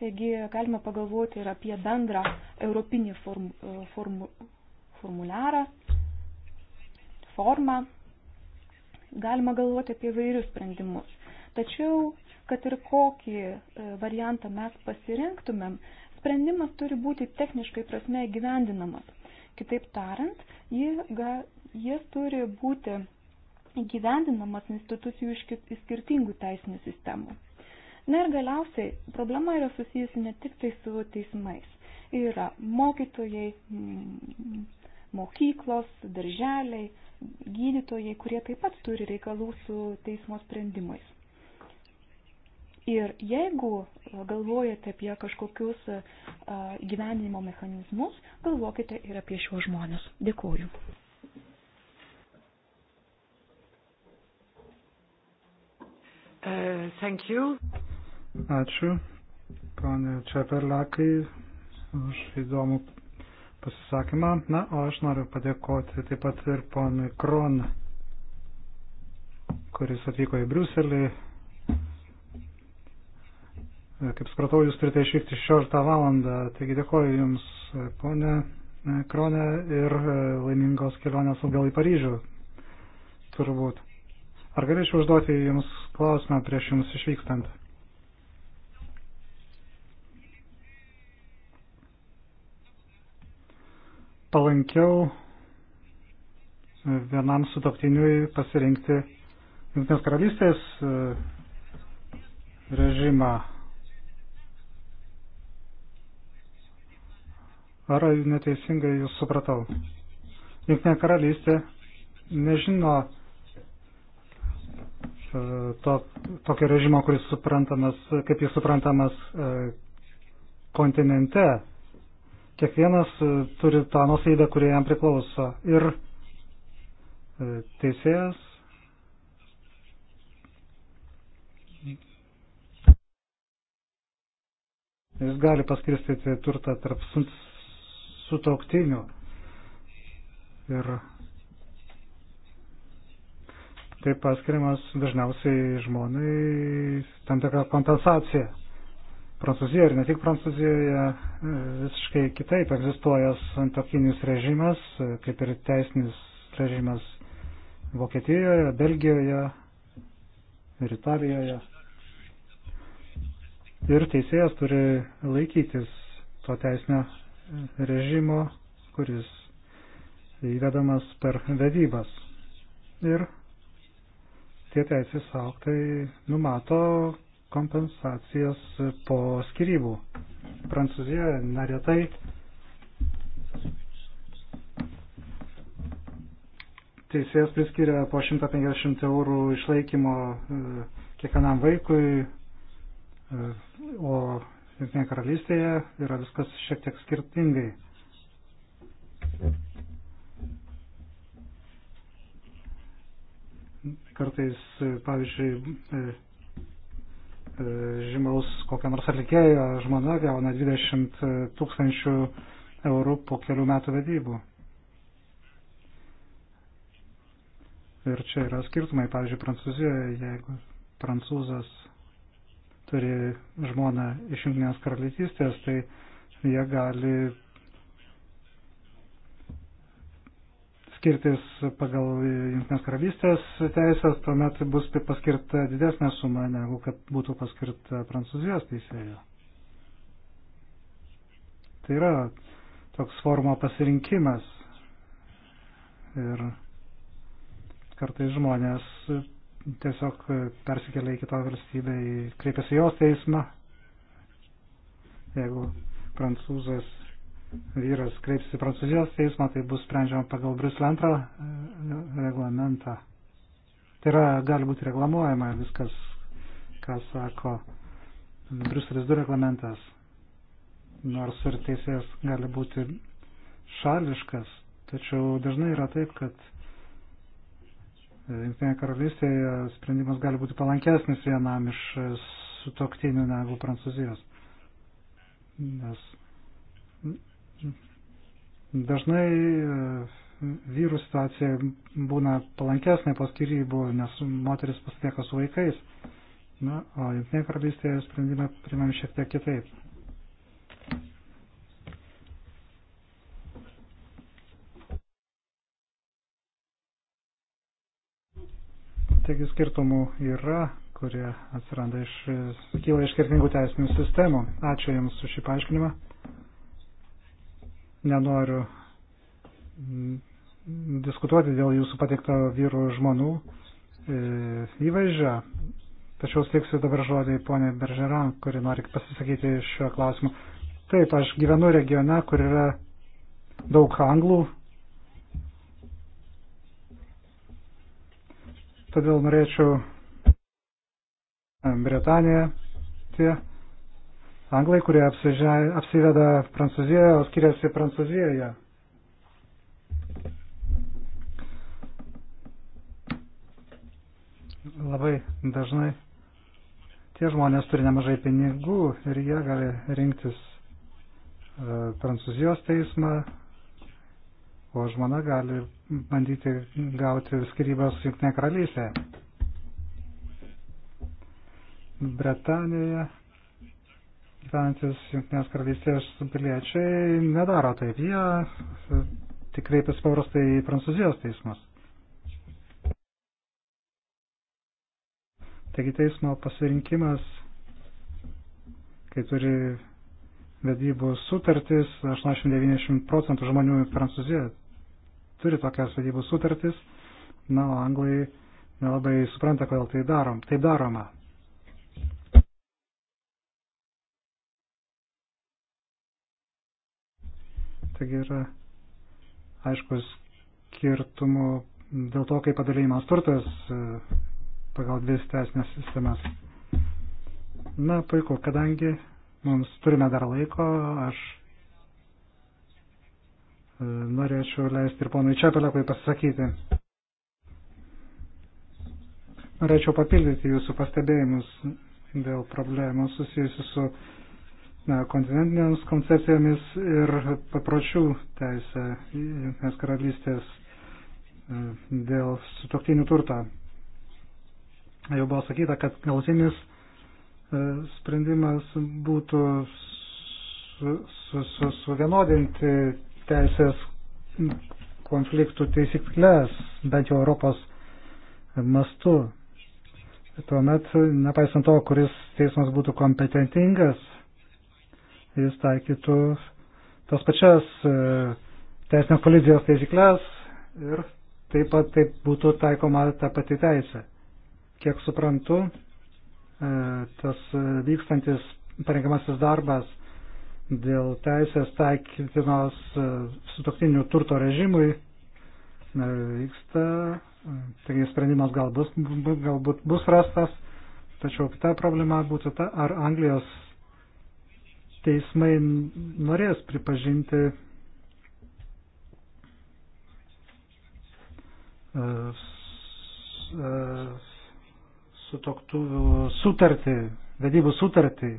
[SPEAKER 3] Taigi galima pagalvoti ir apie bendrą europinį form, form, formuliarą, formą, galima galvoti apie vairius sprendimus. Tačiau, kad ir kokį e, variantą mes pasirinktumėm, sprendimas turi būti techniškai prasme įgyvendinamas. Kitaip tariant, jis turi būti įgyvendinamas institucijų iš skirtingų teisinių sistemų. Na ir galiausiai problema yra susijusi ne tik tai su teismais. Yra mokytojai, mokyklos, darželiai, gydytojai, kurie taip pat turi reikalų su teismo sprendimais. Ir jeigu galvojate apie kažkokius gyvenimo mechanizmus, galvokite ir apie šiuos žmonės. Dėkuoju.
[SPEAKER 2] Uh, thank you.
[SPEAKER 1] Ačiū, ponė Čeperlakai, už įdomų pasisakymą. Na, o aš noriu padėkoti taip pat ir ponui Kron, kuris atvyko į Briuselį. Kaip supratau, jūs turite išvykti 16 valandą, taigi dėkoju Jums, ponė Kronė, ir e, laimingos kelionės atgal į Paryžių, turbūt. Ar galėčiau užduoti Jums klausimą prieš Jums išvykstant? palankiau vienam sutoktiniui pasirinkti Junktinės karalystės e, režimą. Ar neteisingai jūs supratau? Junktinė karalystė nežino e, to, tokio režimo, kuris suprantamas, kaip jis suprantamas e, kontinente, kiekvienas e, turi tą nusaidą, kurie jam priklauso. Ir e, teisėjas jis gali paskirstyti turtą tarp sutoktinių. Ir taip paskiriamas dažniausiai žmonai tam tikrą kompensaciją. Prancūzijoje ir ne tik Prancūzijoje e, visiškai kitaip egzistuoja santokinis režimas, e, kaip ir teisinis režimas Vokietijoje, Belgijoje ir Italijoje. Ir teisėjas turi laikytis to teisinio režimo, kuris įvedamas per vedybas. Ir tie teisės aktai numato, kompensacijas po skirybų. Prancūzijoje neretai teisėjas priskiria po 150 eurų išlaikymo e, kiekvienam vaikui, e, o Junktinėje karalystėje yra viskas šiek tiek skirtingai. Kartais, pavyzdžiui, e, E, žymaus kokio nors atlikėjo žmona gauna 20 e, tūkstančių eurų po kelių metų vedybų. Ir čia yra skirtumai, pavyzdžiui, Prancūzijoje, jeigu prancūzas turi žmoną iš Junktinės karalystės, tai jie gali skirtis pagal Junktinės karalystės teisės, tuomet bus paskirta didesnė suma, negu kad būtų paskirta Prancūzijos teisėjo. Tai yra toks formo pasirinkimas. Ir kartais žmonės tiesiog persikelia į kitą valstybę, kreipiasi jos teismą, jeigu prancūzas vyras kreipsis į Prancūzijos teismą, tai bus sprendžiama pagal Bruselio antrą e, reglamentą. Tai yra, gali būti reglamuojama viskas, ką sako Bruselis 2 reglamentas. Nors ir teisėjas gali būti šališkas, tačiau dažnai yra taip, kad e, Junktinėje karalystėje sprendimas gali būti palankesnis vienam iš e, sutoktinių negu Prancūzijos. Nes Dažnai e, vyrų situacija būna palankesnė po skirybų, nes moteris pasitieka su vaikais. Na, o jungtinė karalystėje sprendimą primam šiek tiek kitaip. Taigi skirtumų yra, kurie atsiranda iš, kyla iš skirtingų teisinių sistemų. Ačiū Jums už šį paaiškinimą nenoriu mm, diskutuoti dėl jūsų pateikto vyrų žmonų e, įvaizdžio, tačiau steiksiu dabar žodį poniai Beržeran, kuri nori pasisakyti šiuo klausimu. Taip, aš gyvenu regione, kur yra daug anglų, todėl norėčiau e, Britaniją tie Anglai, kurie apsiveda Prancūzijoje, o skiriasi Prancūzijoje. Labai dažnai tie žmonės turi nemažai pinigų ir jie gali rinktis e, Prancūzijos teismą, o žmona gali bandyti gauti skirybas Junktinė karalystė. Bretanijoje gyvenantis Junktinės karalystės piliečiai nedaro taip. Jie tik kreipiasi paprastai į Prancūzijos teismus. Taigi teismo pasirinkimas, kai turi vedybų sutartis, 80-90 procentų žmonių Prancūzijoje turi tokias vedybų sutartis, na, o anglai nelabai supranta, kodėl tai darom. Taip daroma. Taigi yra aiškus skirtumų dėl to, kaip padalėjimas turtas e, pagal dvi teisinės sistemas. Na, puiku, kadangi mums turime dar laiko, aš e, norėčiau leisti ir ponui Čepelekui pasakyti. Norėčiau papildyti jūsų pastebėjimus dėl problemų susijusių su kontinentinėms koncepcijomis ir papročių teisę Junktinės karalystės e, dėl sutoktinių turto. Jau buvo sakyta, kad galutinis e, sprendimas būtų suvienodinti su, su, su teisės konfliktų taisyklės, bent jau Europos mastu. Tuomet, nepaisant to, kuris teismas būtų kompetentingas, jis taikytų tas pačias e, teisinės kolizijos taisyklės ir taip pat taip būtų taikoma ta pati teisė. Kiek suprantu, e, tas vykstantis parengiamasis darbas dėl teisės taikytinos e, sutoktinių turto režimui vyksta, taigi sprendimas gal bus, galbūt bus rastas, tačiau kita problema būtų ta, ar Anglijos teismai norės pripažinti e, e, sutoktuvių sutartį, vedybų sutartį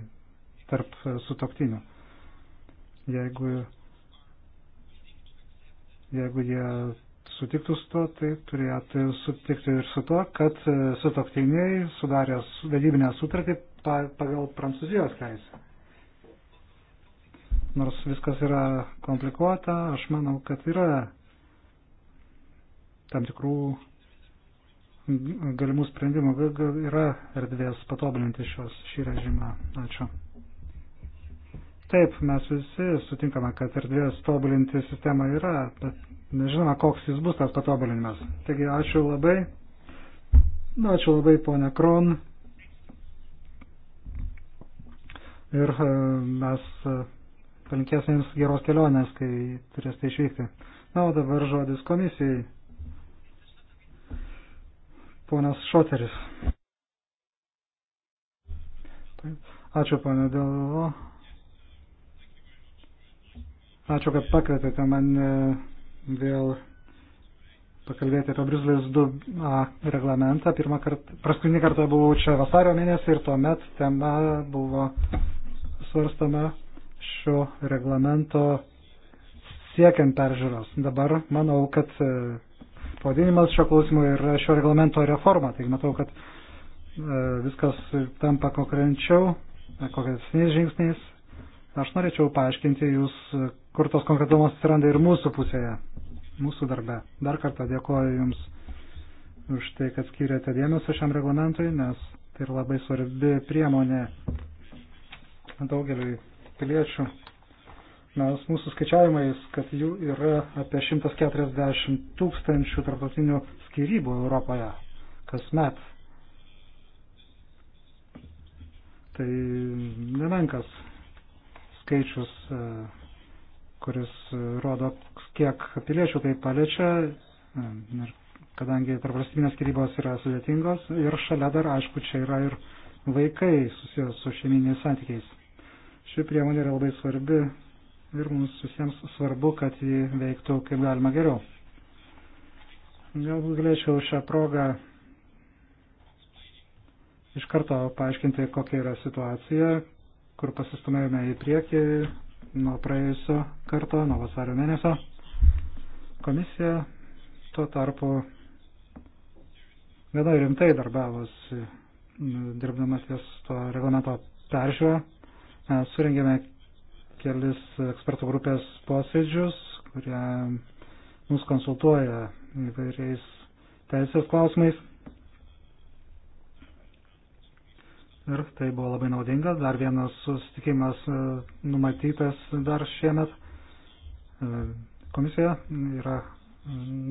[SPEAKER 1] tarp sutoktinių. Jeigu, jeigu jie sutiktų su to, tai turėtų sutikti ir su to, kad sutoktiniai sudarė vedybinę sutartį pagal prancūzijos teisę nors viskas yra komplikuota, aš manau, kad yra tam tikrų galimų sprendimų, yra erdvės patobulinti šios, šį režimą. Ačiū. Taip, mes visi sutinkame, kad erdvės tobulinti sistemą yra, bet nežinome, koks jis bus tas patobulinimas. Taigi, ačiū labai. Nu, ačiū labai, ponia Kron. Ir e, mes e, palinkės jums geros kelionės, kai turėsite išvykti. Na, o dabar žodis komisijai. Ponas Šoteris. Taip. Ačiū, ponė Dėlovo. Ačiū, kad pakvietėte mane vėl pakalbėti apie Briuselės 2A reglamentą. Pirmą kartą, praskutinį kartą buvau čia vasario mėnesį ir tuomet tema buvo svarstama šio reglamento siekiant peržiūros. Dabar manau, kad e, pavadinimas šio klausimo yra šio reglamento reforma, taigi matau, kad e, viskas tampa konkurenčiau, e, kokiais žingsniais. Aš norėčiau paaiškinti jūs, kur tos konkretumas atsiranda ir mūsų pusėje, mūsų darbe. Dar kartą dėkoju Jums už tai, kad skiriate dėmesio šiam reglamentui, nes tai yra labai svarbi priemonė daugeliui piliečių. Mes mūsų skaičiavimais, kad jų yra apie 140 tūkstančių tarptautinių skirybų Europoje kasmet. Tai nemenkas skaičius, e, kuris rodo, kiek piliečių tai paliečia, e, ir kadangi tarpvalstybinės skirybos yra sudėtingos ir šalia dar, aišku, čia yra ir vaikai susijęs su šeiminiais santykiais. Ši priemonė yra labai svarbi ir mums visiems svarbu, kad ji veiktų kaip galima geriau. Galbūt galėčiau šią progą iš karto paaiškinti, kokia yra situacija, kur pasistumėjome į priekį nuo praėjusio karto, nuo vasario mėnesio. Komisija tuo tarpu gana rimtai darbavosi, dirbdamas ties to reglamento peržiūrą surengėme kelis ekspertų grupės posėdžius, kurie mus konsultuoja įvairiais teisės klausimais. Ir tai buvo labai naudinga. Dar vienas susitikimas e, numatytas dar šiemet. E, komisija yra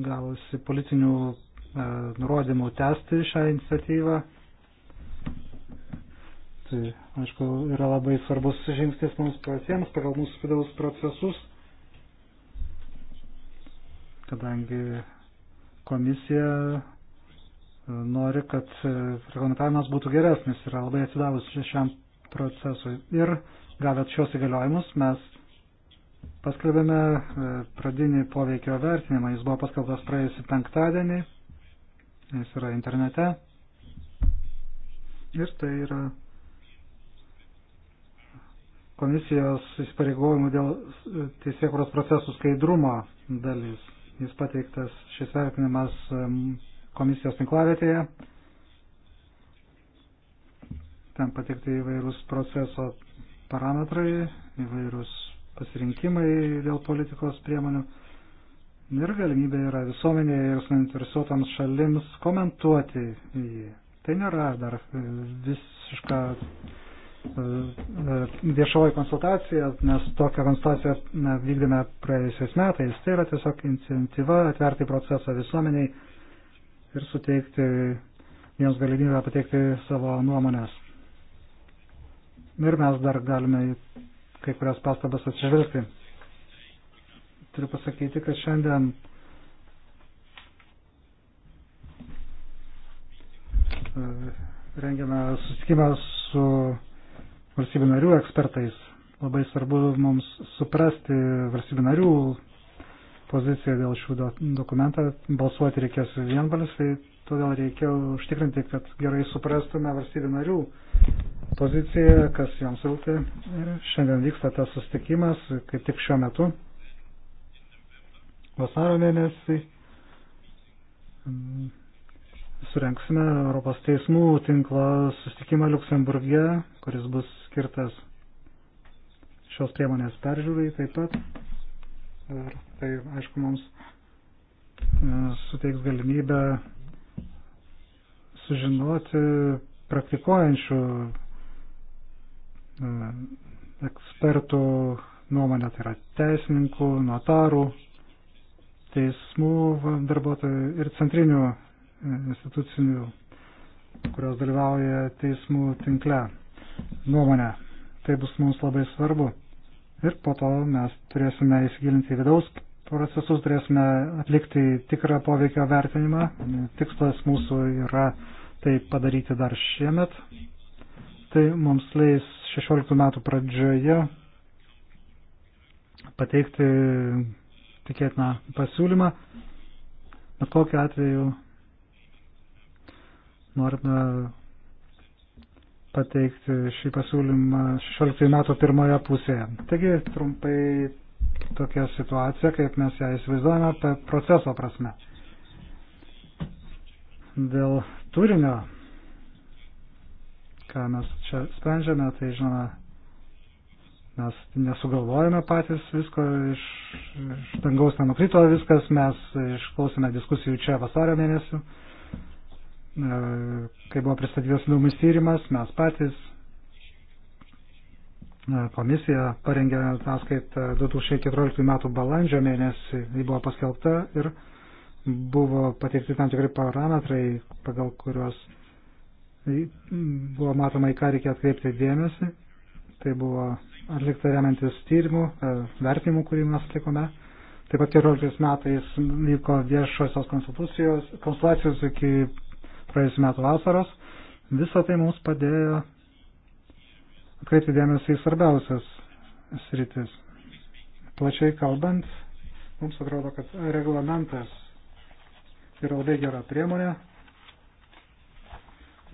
[SPEAKER 1] gavusi politinių e, nurodymų tęsti šią iniciatyvą Tai, aišku, yra labai svarbus žingsnis mums patiems pagal mūsų vidaus procesus, kadangi komisija e, nori, kad e, reglamentavimas būtų geresnis, yra labai atsidavus šiam procesui. Ir gavę šios įgaliojimus mes paskelbėme e, pradinį poveikio vertinimą. Jis buvo paskelbtas praėjusį penktadienį, jis yra internete. Ir tai yra komisijos įsipareigojimų dėl teisėkuros procesų skaidrumo dalis. Jis pateiktas šis vertinimas komisijos tinklavietėje. Ten pateikti įvairūs proceso parametrai, įvairūs pasirinkimai dėl politikos priemonių. Ir galimybė yra visuomenėje ir suinteresuotams šalims komentuoti jį. Tai nėra dar e, visiška viešoji konsultacija, nes tokią konsultaciją vykdėme praėjusiais metais. Tai yra tiesiog iniciatyva atverti procesą visuomeniai ir suteikti jiems galimybę pateikti savo nuomonės. Ir mes dar galime kai kurias pastabas atsižvelgti. Turiu pasakyti, kad šiandien rengiame susitikimą su valstybių narių ekspertais. Labai svarbu mums suprasti valstybių narių poziciją dėl šių do, dokumentą. Balsuoti reikės vienbalsiai, todėl reikia užtikrinti, kad gerai suprastume valstybių narių poziciją, kas joms rūpi. Ir šiandien vyksta tas sustikimas, kaip tik šiuo metu, vasaro mėnesį, surenksime Europos teismų tinklo sustikimą Luksemburgė, kuris bus skirtas šios priemonės peržiūrai taip pat. Ir tai, aišku, mums e, suteiks galimybę sužinoti praktikuojančių e, ekspertų nuomonę, tai yra teisininkų, notarų, teismų darbuotojų ir centrinių institucijų, kurios dalyvauja teismų tinkle nuomonę. Tai bus mums labai svarbu. Ir po to mes turėsime įsigilinti į vidaus procesus, turėsime atlikti tikrą poveikio vertinimą. Tikslas mūsų yra tai padaryti dar šiemet. Tai mums leis 16 metų pradžioje pateikti tikėtiną pasiūlymą. Bet kokiu atveju norime pateikti šį pasiūlymą 16 metų pirmoje pusėje. Taigi trumpai tokia situacija, kaip mes ją įsivaizduojame proceso prasme. Dėl turinio, ką mes čia sprendžiame, tai žinoma, mes nesugalvojame patys visko, iš, iš dangaus nenukrito viskas, mes išklausėme diskusijų čia vasario mėnesį kai buvo pristatytas įdomus tyrimas, mes patys komisija parengė ataskaitą 2014 m. balandžio mėnesį, ji buvo paskelbta ir buvo pateikti tam tikri parametrai, pagal kuriuos buvo matoma, į ką reikia atkreipti dėmesį. Tai buvo atlikta remiantis tyrimų, e, vertimų, kurį mes atlikome. Taip pat 14 metais vyko viešosios konsultacijos iki praėjusiu metu vasaros. Visą tai mums padėjo atkreipti dėmesį į svarbiausias sritis. Plačiai kalbant, mums atrodo, kad reglamentas yra labai gera priemonė.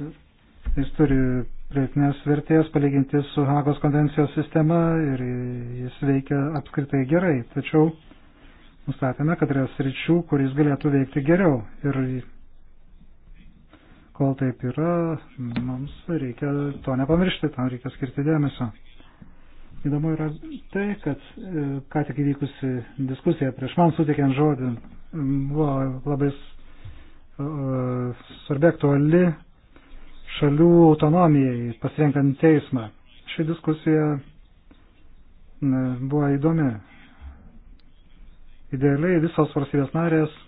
[SPEAKER 1] Jis turi pridėtinės vertės palyginti su Hagos konvencijos sistema ir jis veikia apskritai gerai. Tačiau nustatėme, kad yra sričių, kuris galėtų veikti geriau. Ir Kol taip yra, mums reikia to nepamiršti, tam reikia skirti dėmesio. Įdomu yra tai, kad e, ką tik įvykusi diskusija prieš man suteikiant žodį buvo labai svarbi aktuali šalių autonomijai pasirenkant teismą. Ši diskusija buvo įdomi. Idealiai visos valstybės narės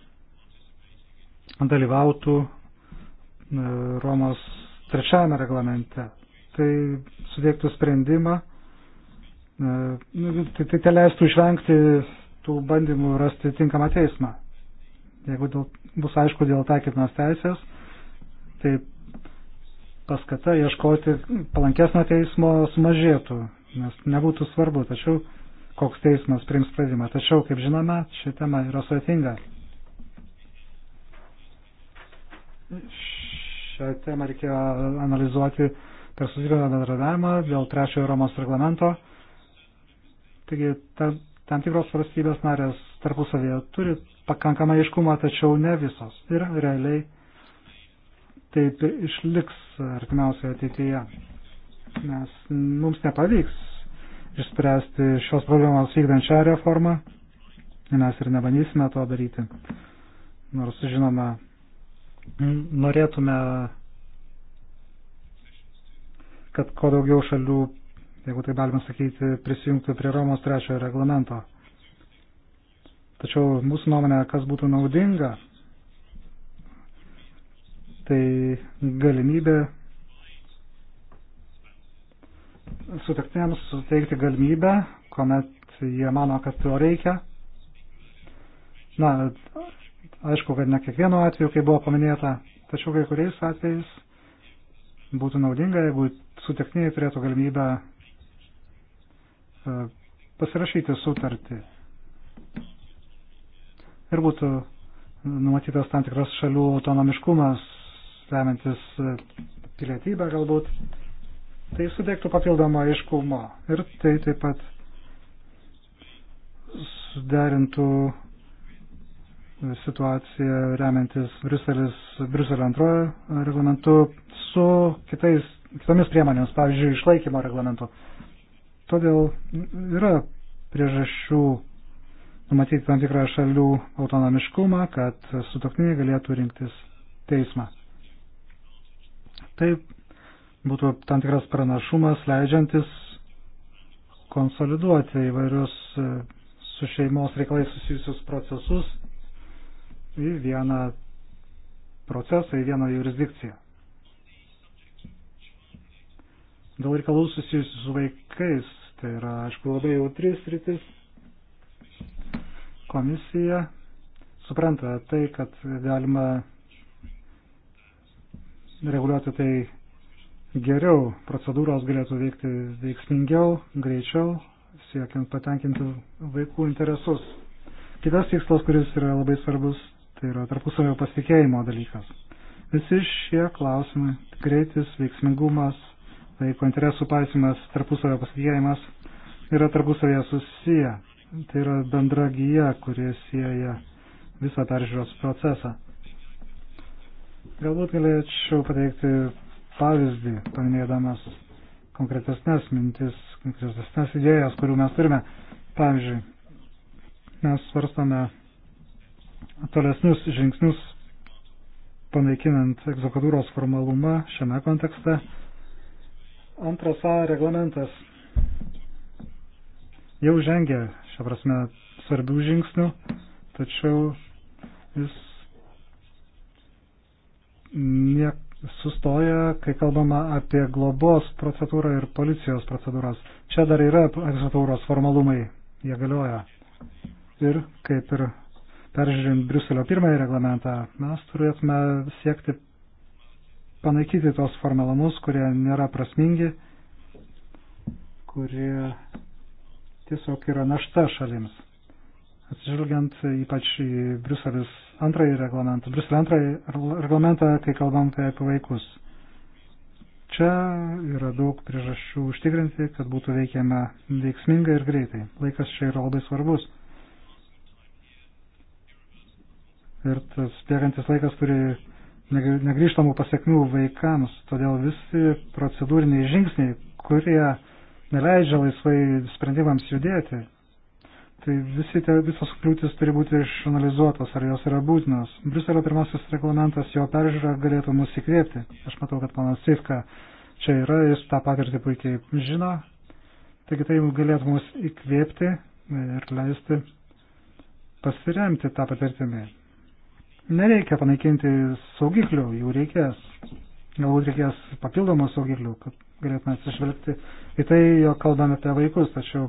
[SPEAKER 1] dalyvautų E, Romos trečiajame reglamente. Tai sudėktų sprendimą, e, nu, tai, tai, tai leistų išvengti tų bandymų rasti tinkamą teismą. Jeigu dėl, bus aišku dėl taikytinos teisės, tai paskata ieškoti palankesnio teismo sumažėtų, nes nebūtų svarbu, tačiau koks teismas priims sprendimą. Tačiau, kaip žinome, ši tema yra sudėtinga šią temą reikėjo analizuoti per susitikimą bendradavimą dėl trečiojo Romos reglamento. Taigi ta, tam tikros valstybės narės tarpusavėje turi pakankamą aiškumą, tačiau ne visos. Ir realiai taip išliks artimiausioje ateityje. Nes mums nepavyks išspręsti šios problemos vykdant šią reformą. Mes ir nebandysime to daryti. Nors žinoma, norėtume, kad kuo daugiau šalių, jeigu tai galima sakyti, prisijungtų prie Romos trečiojo reglamento. Tačiau mūsų nuomonė, kas būtų naudinga, tai galimybė sutartiniams suteikti galimybę, kuomet jie mano, kad to reikia. Na, Aišku, kad ne kiekvienu atveju, kai buvo paminėta, tačiau kai kuriais atvejais būtų naudinga, jeigu sutikniai turėtų galimybę e, pasirašyti sutartį. Ir būtų numatytas tam tikras šalių autonomiškumas, remiantis e, pilietybę galbūt. Tai suteiktų papildomą aiškumo ir tai taip pat suderintų situaciją remiantis Bruselio antrojo reglamentu su kitais, kitomis priemonėmis, pavyzdžiui, išlaikymo reglamentu. Todėl yra priežasčių numatyti tam tikrą šalių autonomiškumą, kad sutoktiniai galėtų rinktis teismą. Taip būtų tam tikras pranašumas, leidžiantis konsoliduoti įvairius su šeimos reikalais susijusius procesus į vieną procesą, į vieną jurisdikciją. Dėl reikalų susijusių su vaikais, tai yra, aišku, labai jautris rytis, komisija supranta tai, kad galima reguliuoti tai geriau, procedūros galėtų veikti veiksmingiau, greičiau, siekiant patenkinti vaikų interesus. Kitas tikslas, kuris yra labai svarbus, Tai yra tarpusavio pasitikėjimo dalykas. Visi šie klausimai - greitis, veiksmingumas, laiko interesų paisimas, tarpusavio pasitikėjimas - yra tarpusavėje susiję. Tai yra bendra gyja, kurie sieja visą peržiūros procesą. Galbūt galėčiau pateikti pavyzdį, paminėdamas konkretesnės mintis, konkretesnės idėjas, kurių mes turime. Pavyzdžiui, mes svarstame tolesnius žingsnius panaikinant egzekutūros formalumą šiame kontekste. Antras A reglamentas jau žengia, šią prasme, svarbių žingsnių, tačiau jis niek sustoja, kai kalbama apie globos procedūrą ir policijos procedūras. Čia dar yra egzekutūros formalumai, jie galioja. Ir kaip ir peržiūrint Briuselio pirmąjį reglamentą, mes turėtume siekti panaikyti tos formalumus, kurie nėra prasmingi, kurie tiesiog yra našta šalims. Atsižvelgiant ypač į Briuselis antrąjį reglamentą, Briuselio antrąjį reglamentą, kai kalbam tai apie vaikus. Čia yra daug priežasčių užtikrinti, kad būtų veikiama veiksmingai ir greitai. Laikas čia yra labai svarbus. ir tas bėgantis laikas turi negrįžtamų pasiekmių vaikams. Todėl visi procedūriniai žingsniai, kurie neleidžia laisvai sprendimams judėti, tai visi te, visos kliūtis turi būti išanalizuotos, ar jos yra būtinos. Briuselio pirmasis reglamentas, jo peržiūra galėtų mus įkvėpti. Aš matau, kad panas Sivka čia yra, jis tą patirtį puikiai žino. Taigi tai galėtų mus įkvėpti ir leisti pasiremti tą patirtimį. Nereikia panaikinti saugiklių, jų reikės. Galbūt reikės papildomų saugiklių, kad galėtume atsižvelgti į tai, jo kalbame apie vaikus, tačiau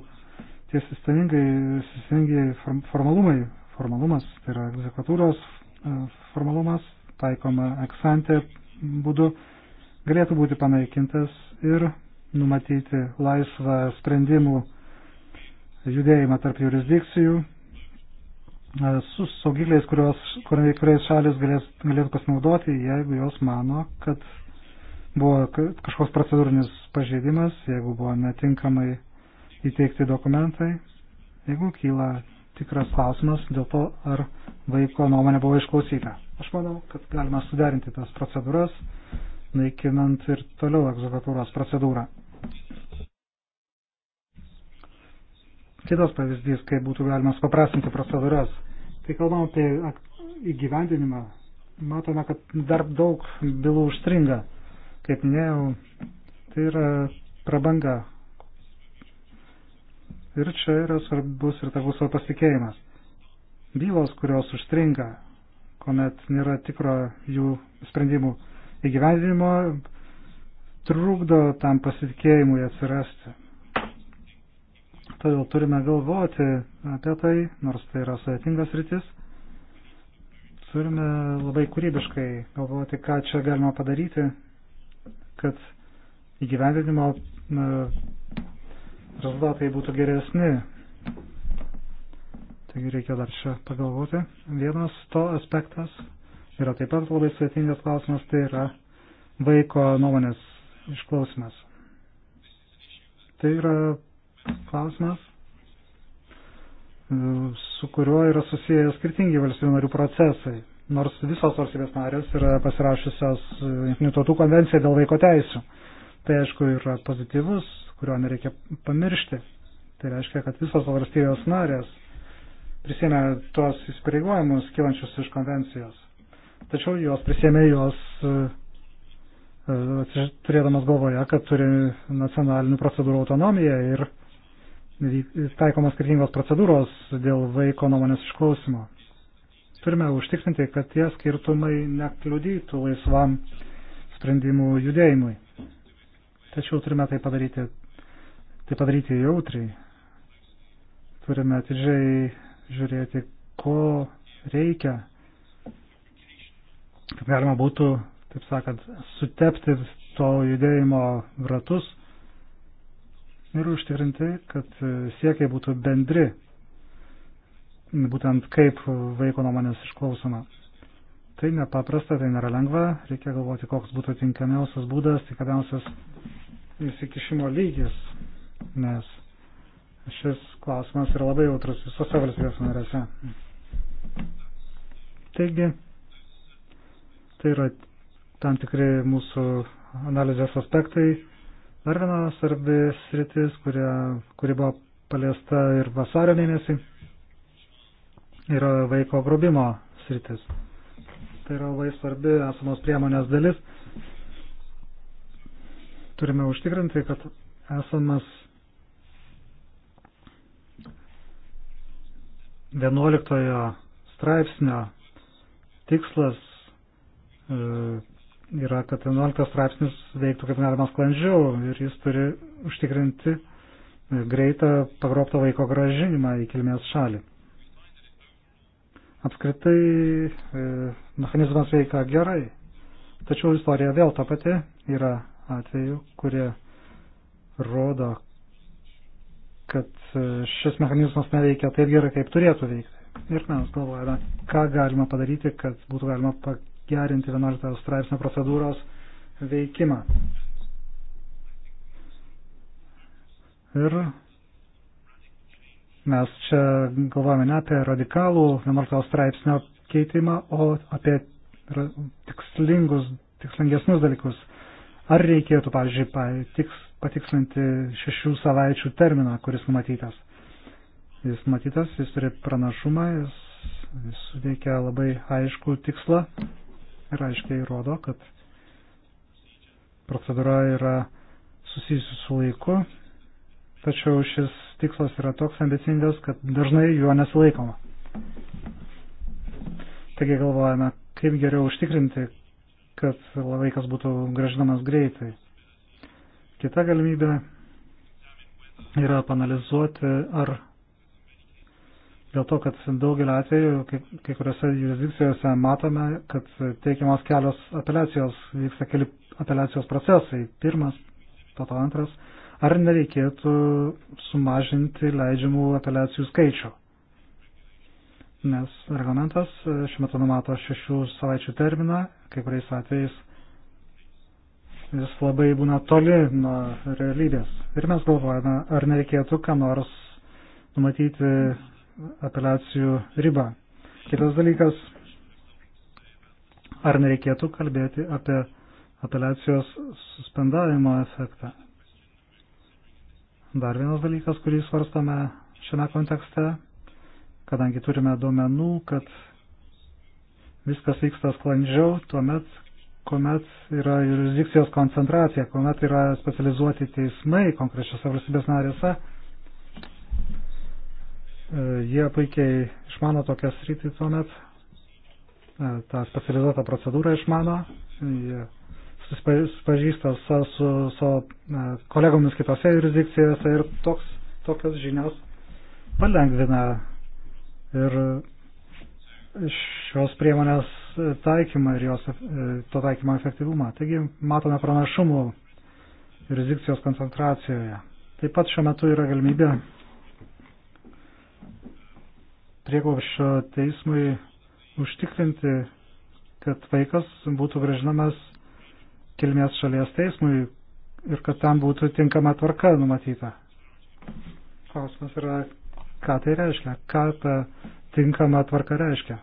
[SPEAKER 1] tie sistemingai, sistemingai formalumai, formalumas, tai yra egzekvatūros e, formalumas, taikoma eksantė būdu, galėtų būti panaikintas ir numatyti laisvą sprendimų judėjimą tarp jurisdikcijų, E, su saugikliais, kurios, kuriais šalis galės, galėtų pasinaudoti, jeigu jos mano, kad buvo kažkoks procedūrinis pažeidimas, jeigu buvo netinkamai įteikti dokumentai, jeigu kyla tikras klausimas dėl to, ar vaiko nuomonė buvo išklausyta. Aš manau, kad galima suderinti tas procedūras, naikinant ir toliau egzekvatūros procedūrą kitas pavyzdys, kaip būtų galima supaprastinti procedūras. Kai kalbam apie įgyvendinimą, matome, kad dar daug bylų užstringa. Kaip minėjau, tai yra prabanga. Ir čia yra svarbus ir tarpusavio pasikeimas. Bylos, kurios užstringa, kuomet nėra tikro jų sprendimų įgyvendinimo, trukdo tam pasitikėjimui atsirasti. Todėl turime galvoti apie tai, nors tai yra sudėtingas rytis. Turime labai kūrybiškai galvoti, ką čia galima padaryti, kad įgyvendinimo rezultatai būtų geresni. Taigi reikia dar čia pagalvoti. Vienas to aspektas yra taip pat labai sveitingas klausimas, tai yra vaiko nuomonės išklausimas. Tai yra klausimas, su kuriuo yra susiję skirtingi valstybių narių procesai, nors visos valstybės narės yra pasirašusios Junktinių tautų konvenciją dėl vaiko teisų. Tai aišku yra pozityvus, kurio nereikia pamiršti. Tai reiškia, kad visos valstybės narės prisėmė tuos įsipareigojimus kylančius iš konvencijos. Tačiau jos prisėmė juos e, e, turėdamas galvoje, kad turi nacionalinių procedūrų autonomiją ir taikomos skirtingos procedūros dėl vaiko nuomonės išklausimo. Turime užtikrinti, kad tie skirtumai nekliudytų laisvam sprendimų judėjimui. Tačiau turime tai padaryti, tai padaryti jautriai. Turime atidžiai žiūrėti, ko reikia, kad galima būtų, taip sakant, sutepti to judėjimo ratus ir užtikrinti, kad e, siekiai būtų bendri, būtent kaip vaiko nuomonės išklausoma. Tai nepaprasta, tai nėra lengva, reikia galvoti, koks būtų tinkamiausias būdas, tinkamiausias įsikišimo lygis, nes šis klausimas yra labai jautrus visose valstybės narėse. Taigi, tai yra tam tikri mūsų analizės aspektai, Dar viena svarbi sritis, kuria, kuri buvo paliesta ir vasario mėnesį, yra vaiko grobimo sritis. Tai yra labai svarbi esamos priemonės dalis. Turime užtikrinti, kad esamas 11 straipsnio tikslas e, yra, kad 11 straipsnis veiktų kaip galima sklandžiau ir jis turi užtikrinti greitą pagrobto vaiko gražinimą į kilmės šalį. Apskritai e, mechanizmas veikia gerai, tačiau istorija vėl ta pati yra atvejų, kurie rodo, kad e, šis mechanizmas neveikia taip gerai, kaip turėtų veikti. Ir mes galvojame, ką galima padaryti, kad būtų galima pakeisti gerinti 11 straipsnio procedūros veikimą. Ir mes čia galvojame ne apie radikalų 11 straipsnio keitimą, o apie tikslingus, tikslingesnius dalykus. Ar reikėtų, pavyzdžiui, patiks, patikslinti šešių savaičių terminą, kuris numatytas? Jis matytas, jis turi pranašumą, jis, jis suteikia labai aišku tikslą ir aiškiai rodo, kad procedūra yra susijusi su laiku, tačiau šis tikslas yra toks ambicingas, kad dažnai juo nesilaikoma. Taigi galvojame, kaip geriau užtikrinti, kad laikas būtų gražinamas greitai. Kita galimybė yra panalizuoti, ar dėl to, kad daugelio atveju, kai, kai kuriuose jurisdikcijose matome, kad teikiamos kelios apeliacijos, vyksta keli apeliacijos procesai. Pirmas, po to antras. Ar nereikėtų sumažinti leidžiamų apeliacijų skaičių? Nes reglamentas e, šiuo metu numato šešių savaičių terminą, kai kuriais atvejais jis labai būna toli nuo realybės. Ir mes galvojame, ar nereikėtų ką nors numatyti apeliacijų ribą. Kitas dalykas, ar nereikėtų kalbėti apie apeliacijos suspendavimo efektą. Dar vienas dalykas, kurį svarstame šiame kontekste, kadangi turime duomenų, kad viskas vyksta sklandžiau, tuomet, kuomet yra jurisdikcijos koncentracija, kuomet yra specializuoti teismai konkrečiose valstybės narėse, E, jie puikiai išmano tokias rytį tuomet, e, tą specializuotą procedūrą išmano, jie susipažįsta su, su, su e, kolegomis kitose jurisdikcijose ir toks, tokios žinios palengvina ir šios priemonės taikymą ir jos to taikymo efektyvumą. Taigi matome pranašumų jurisdikcijos koncentracijoje. Taip pat šiuo metu yra galimybė prieglobščio teismui užtikrinti, kad vaikas būtų gražinamas kilmės šalies teismui ir kad tam būtų tinkama tvarka numatyta. Klausimas yra, ką tai reiškia, ką ta tinkama tvarka reiškia.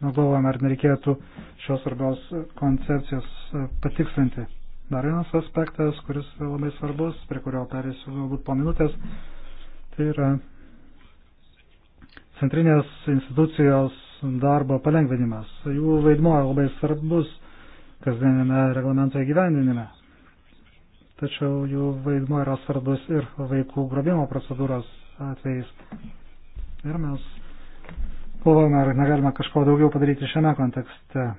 [SPEAKER 1] Na, nu, galvojam, ar nereikėtų šios svarbios koncepcijos e, patikslinti. Dar vienas aspektas, kuris labai svarbus, prie kurio perėsiu galbūt po minutės, tai yra centrinės institucijos darbo palengvinimas. Jų vaidmuo labai svarbus kasdienėme reglamento įgyvendinime. Tačiau jų vaidmuo yra svarbus ir vaikų grobimo procedūros atvejais. Ir mes galvojame, ar negalime kažko daugiau padaryti šiame kontekste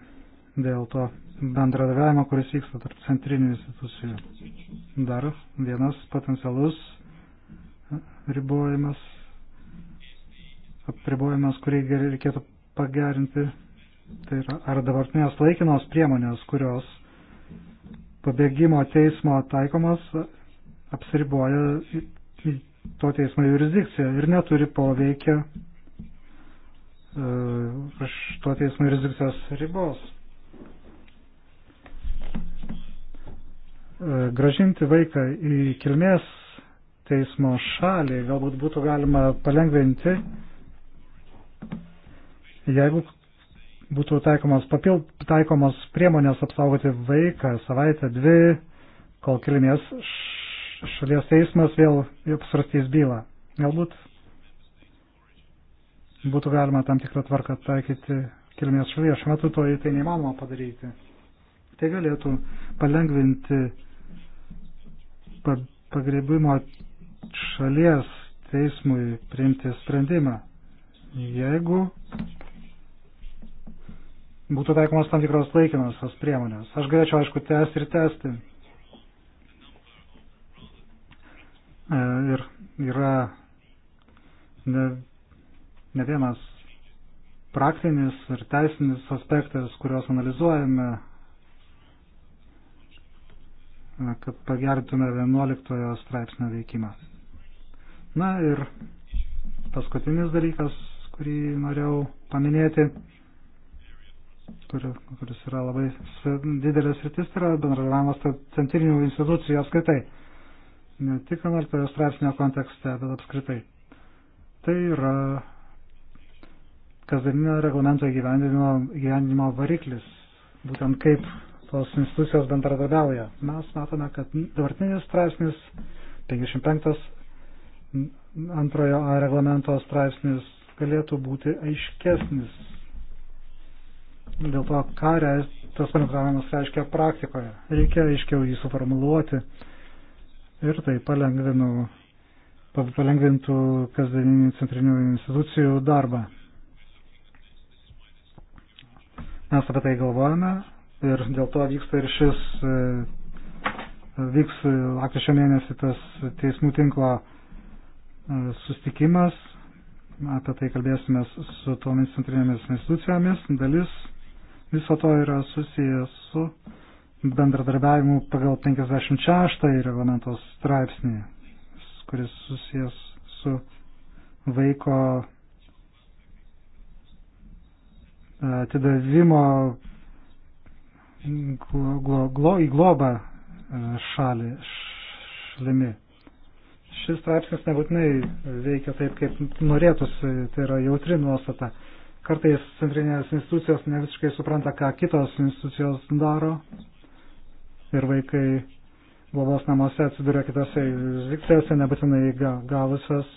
[SPEAKER 1] dėl to bendradarbiavimo, kuris vyksta tarp centrinių institucijų. Dar vienas potencialus ribojimas apribojimas, kurį reikėtų pagerinti, tai yra ar dabartinės laikinos priemonės, kurios pabėgimo teismo taikomas apsiriboja to teismo jurisdikciją ir neturi poveikia e, už e, to teismo jurisdikcijos ribos. E, gražinti vaiką į kilmės teismo šalį galbūt būtų galima palengventi Jeigu būtų taikomos, papil, taikomos priemonės apsaugoti vaiką savaitę, dvi, kol kilmės šalies teismas vėl apsvarstys bylą. Galbūt būtų galima tam tikrą tvarką taikyti kilmės šalyje. Šiuo metu to tai neįmanoma padaryti. Tai galėtų palengvinti pagrėbimo šalies teismui priimti sprendimą. Jeigu būtų taikomas tam tikros laikinosios priemonės. Aš galėčiau, aišku, tęsti ir tęsti. E, ir yra ne, ne vienas praktinis ir teisinis aspektas, kuriuos analizuojame, e, kad pagerintume 11 straipsnio veikimą. Na ir paskutinis dalykas, kurį norėjau paminėti kuris yra labai didelis rytis, tai yra bendradarbiavimas tarp centrinių institucijų apskritai. Ne tik anartojo straipsnio kontekste, bet apskritai. Tai yra kasdieninio reglamento įgyvendinimo variklis, būtent kaip tos institucijos bendradarbiauja. Mes matome, kad dabartinis straipsnis 55 antrojo reglamento straipsnis galėtų būti aiškesnis dėl to, ką reis, tas pankratavimas reiškia praktikoje. Reikia aiškiau jį suformuluoti ir tai palengvinu, palengvintų kasdieninį centrinių institucijų darbą. Mes apie tai galvojame ir dėl to vyksta ir šis, e, vyks lakryčio mėnesį tas teismų tinklo e, sustikimas, apie tai kalbėsime su tomis centrinėmis institucijomis. Dalis Viso to yra susijęs su bendradarbiavimu pagal 56 reglamentos straipsnį, kuris susijęs su vaiko e, atidavimo glo, glo, glo, į globą e, šalį, šalimi. Šis straipsnis nebūtinai veikia taip, kaip norėtųsi, tai yra jautri nuostata. Kartais centrinės institucijos ne visiškai supranta, ką kitos institucijos daro ir vaikai globos namuose atsiduria kitose jurisdikcijose, nebūtinai gavusios.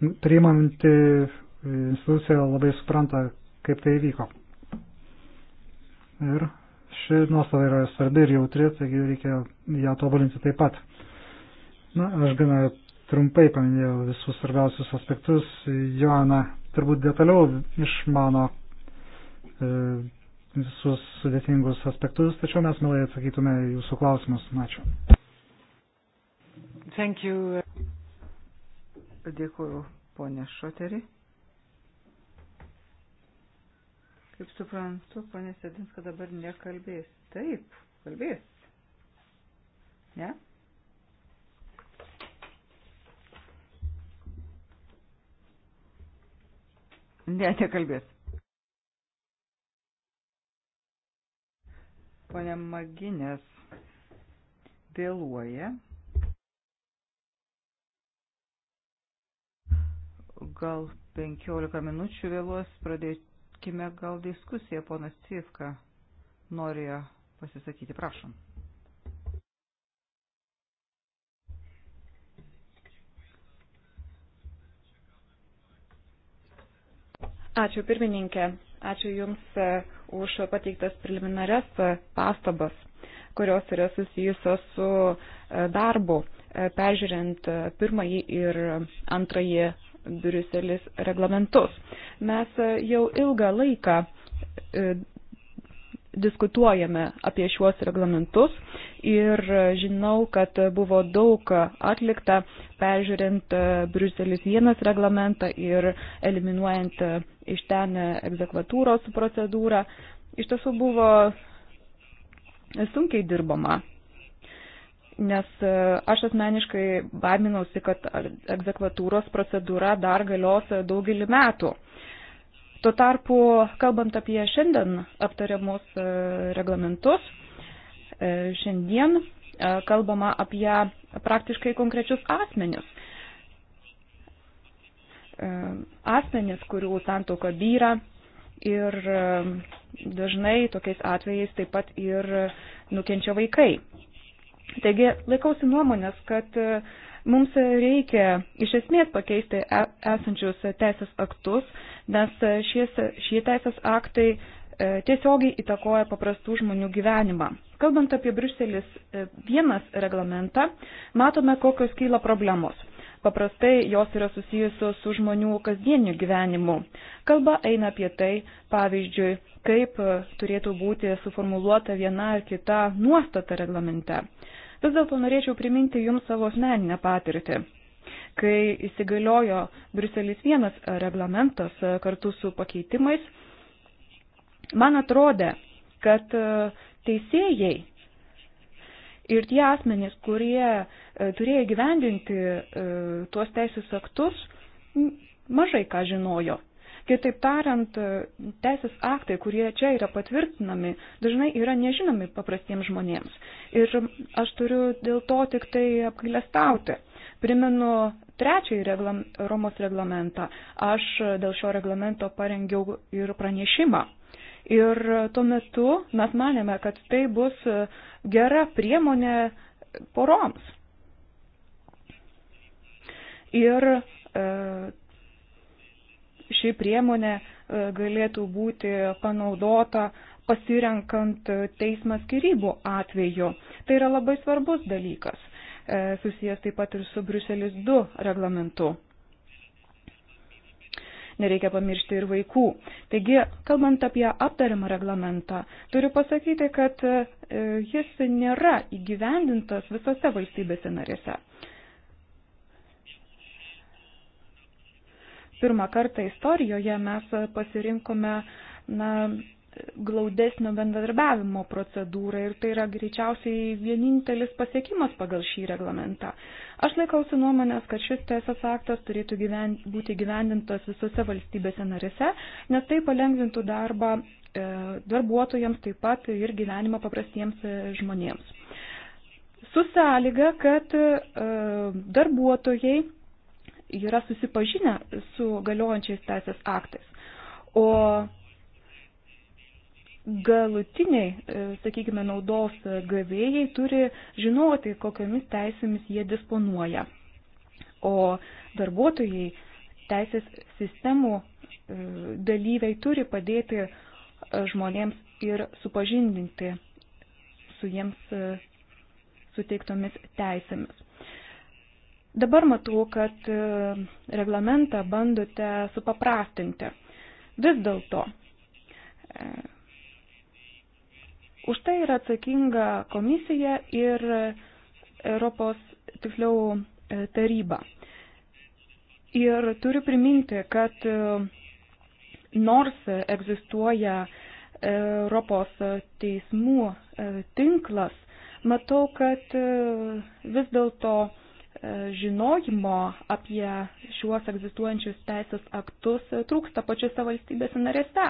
[SPEAKER 1] Nu, priimanti institucija labai supranta, kaip tai vyko. Ir ši nuostata yra svarbi ir jautri, taigi reikia ją tobulinti taip pat. Na, aš gana trumpai paminėjau visus svarbiausius aspektus. Joana turbūt detaliau išmano e, visus sudėtingus aspektus, tačiau mes mielai atsakytume jūsų klausimus. Ačiū.
[SPEAKER 2] Thank you. Dėkuoju, ponė Šoterį. Kaip suprantu, ponė Sedinska dabar nekalbės. Taip, kalbės. Ne? Yeah? Ne, nekalbės. Pone Maginės vėluoja. Gal 15 minučių vėluos, pradėkime gal diskusiją, ponas Cifka norėjo pasisakyti, prašom.
[SPEAKER 3] Ačiū pirmininkė, ačiū Jums e, už pateiktas preliminarias e, pastabas, kurios yra susijusios su e, darbu, peržiūrint pirmąjį ir antrąjį Briuselis reglamentus. Mes jau ilgą laiką diskutuojame apie šiuos reglamentus ir žinau, kad buvo daug atlikta peržiūrint Bruselis vienas reglamentą ir eliminuojant iš ten egzekvatūros procedūrą. Iš tiesų buvo sunkiai dirbama. Nes aš asmeniškai baiminausi, kad egzekvatūros procedūra dar galios daugelį metų Tuo tarpu, kalbant apie šiandien aptariamus e, reglamentus, e, šiandien e, kalbama apie praktiškai konkrečius asmenius. Asmenis, kurių santoka vyra ir dažnai tokiais atvejais taip pat ir nukenčia vaikai. Taigi laikausi nuomonės, kad mums reikia iš esmės pakeisti esančius teisės aktus nes e, šies, šie teisės aktai e, tiesiogiai įtakoja paprastų žmonių gyvenimą. Kalbant apie Bruselis e, vienas reglamentą, matome, kokios kyla problemos. Paprastai jos yra susijusios su žmonių kasdieniu gyvenimu. Kalba eina apie tai, pavyzdžiui, kaip turėtų būti suformuoluota viena ar kita nuostata reglamente. Vis dėlto norėčiau priminti Jums savo asmeninę patirtį kai įsigaliojo Bruselis vienas reglamentas e, kartu su pakeitimais, man atrodė, kad e, teisėjai ir tie asmenys, kurie e, turėjo gyvendinti tuos teisės aktus, mažai ką žinojo. Kitaip tariant, teisės aktai, kurie čia yra patvirtinami, dažnai yra nežinomi paprastiems žmonėms. Ir aš turiu dėl to tik tai apgailestauti. Primenu trečiąjį reglam, Romos reglamentą. Aš e, dėl šio reglamento parengiau ir pranešimą. Ir e, tuo metu mes manėme, kad tai bus e, gera priemonė poroms. Ir e, ši priemonė galėtų būti panaudota pasirenkant teismą skirybų atveju. Tai yra labai svarbus dalykas. E, susijęs taip pat ir su Bruselis 2 reglamentu. Nereikia pamiršti ir vaikų. Taigi, kalbant apie aptariamą reglamentą, turiu pasakyti, kad e, jis nėra įgyvendintas visose valstybėse narėse. Pirmą kartą istorijoje mes pasirinkome na, glaudesnio bendradarbiavimo procedūrą ir tai yra greičiausiai vienintelis pasiekimas pagal šį reglamentą. Aš laikausi nuomonės, kad šis teisės aktas turėtų gyven, būti gyvendintas visose valstybėse narėse, nes tai palengvintų darbą e, darbuotojams taip pat ir gyvenimą paprastiems e, žmonėms. Su sąlyga, kad e, darbuotojai yra susipažinę su galiojančiais teisės aktais. O galutiniai, e, sakykime, naudos gavėjai turi žinoti, kokiamis teisėmis jie disponuoja. O darbuotojai, teisės sistemų e, dalyviai turi padėti e, žmonėms ir supažindinti su jiems suteiktomis teisėmis. Dabar matau, kad reglamentą bandote supaprastinti. Vis dėlto Už tai yra atsakinga komisija ir Europos, tiksliau, e, taryba. Ir turiu priminti, kad e, nors egzistuoja Europos teismų e, tinklas, matau, kad vis dėlto E, žinojimo apie šiuos egzistuojančius teisės aktus e, trūksta pačiose valstybėse narėse.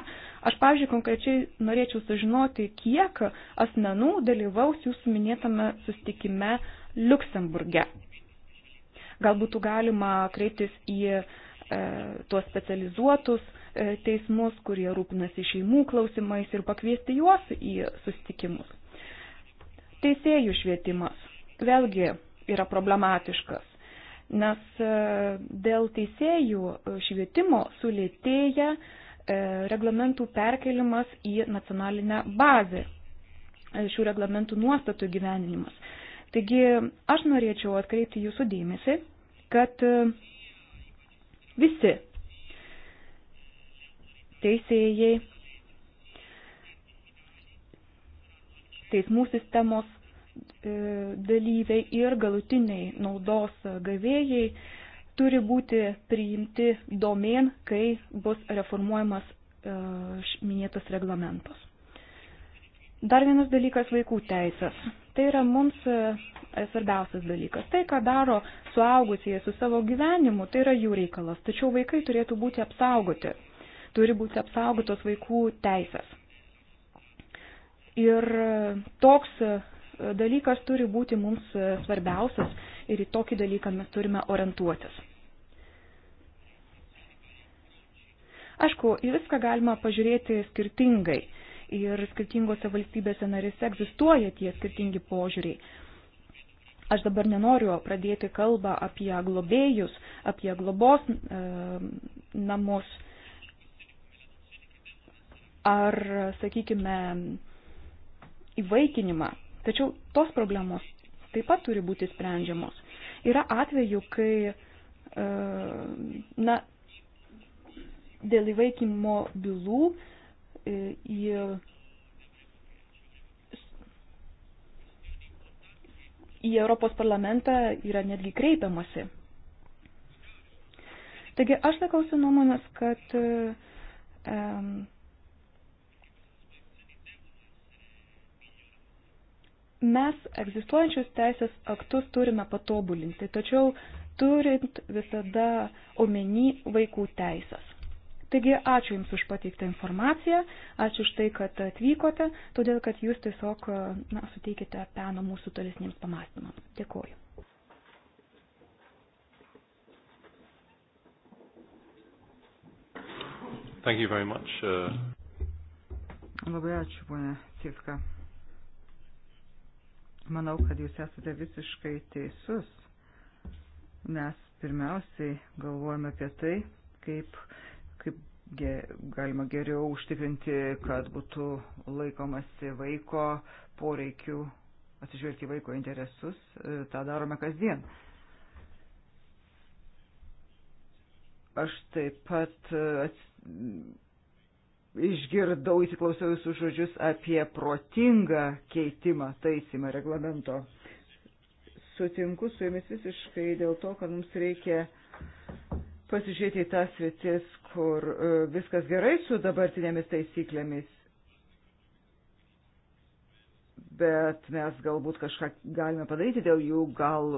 [SPEAKER 3] Aš, pavyzdžiui, konkrečiai norėčiau sužinoti, kiek asmenų dalyvaus jūsų minėtame sustikime Luksemburge. Galbūt galima kreiptis į e, tuos specializuotus e, teismus, kurie rūpinasi šeimų klausimais ir pakviesti juos į sustikimus. Teisėjų švietimas. Vėlgi, yra problematiškas, nes e, dėl teisėjų e, švietimo sulėtėja e, reglamentų perkelimas į nacionalinę bazę, šių reglamentų nuostatų gyveninimas. Taigi aš norėčiau atkreipti jūsų dėmesį, kad visi teisėjai, teismų sistemos E, dalyviai ir galutiniai naudos gavėjai turi būti priimti domen, kai bus reformuojamas e, minėtas reglamentas. Dar vienas dalykas - vaikų teisės. Tai yra mums e, svarbiausias dalykas. Tai, ką daro suaugusieji su savo gyvenimu, tai yra jų reikalas. Tačiau vaikai turėtų būti apsaugoti. Turi būti apsaugotos vaikų teisės. Ir toks dalykas turi būti mums e, svarbiausias ir į tokį dalyką mes turime orientuotis. Aišku, į viską galima pažiūrėti skirtingai ir skirtingose valstybėse narėse egzistuoja tie skirtingi požiūriai. Aš dabar nenoriu pradėti kalbą apie globėjus, apie globos e, namus ar, sakykime, įvaikinimą. Tačiau tos problemos taip pat turi būti sprendžiamos. Yra atveju, kai e, na, dėl įvaikinimo bylų e, į į Europos parlamentą yra netgi kreipiamasi. Taigi aš sakausi nuomonės, kad um, Mes egzistuojančius teisės aktus turime patobulinti, tačiau turint visada omeny vaikų teisės. Taigi ačiū Jums už pateiktą informaciją, ačiū už tai, kad atvykote, todėl kad Jūs tiesiog na, suteikite peno mūsų tolesniems pamastymams. Dėkuoju. Thank you very much. Uh...
[SPEAKER 2] Labai ačiū, ponė Cifka. Manau, kad jūs esate visiškai teisus. Mes pirmiausiai galvojame apie tai, kaip, kaip ge, galima geriau užtikrinti, kad būtų laikomasi vaiko poreikių, atsižvelgti vaiko interesus. E, Ta darome kasdien. Aš taip pat e, atsitikau išgirdau, įsiklausiau jūsų žodžius apie protingą keitimą, taisymą reglamento. Sutinku su jumis visiškai dėl to, kad mums reikia pasižiūrėti į tas vietis, kur e, viskas gerai su dabartinėmis taisyklėmis, bet mes galbūt kažką galime padaryti dėl jų, gal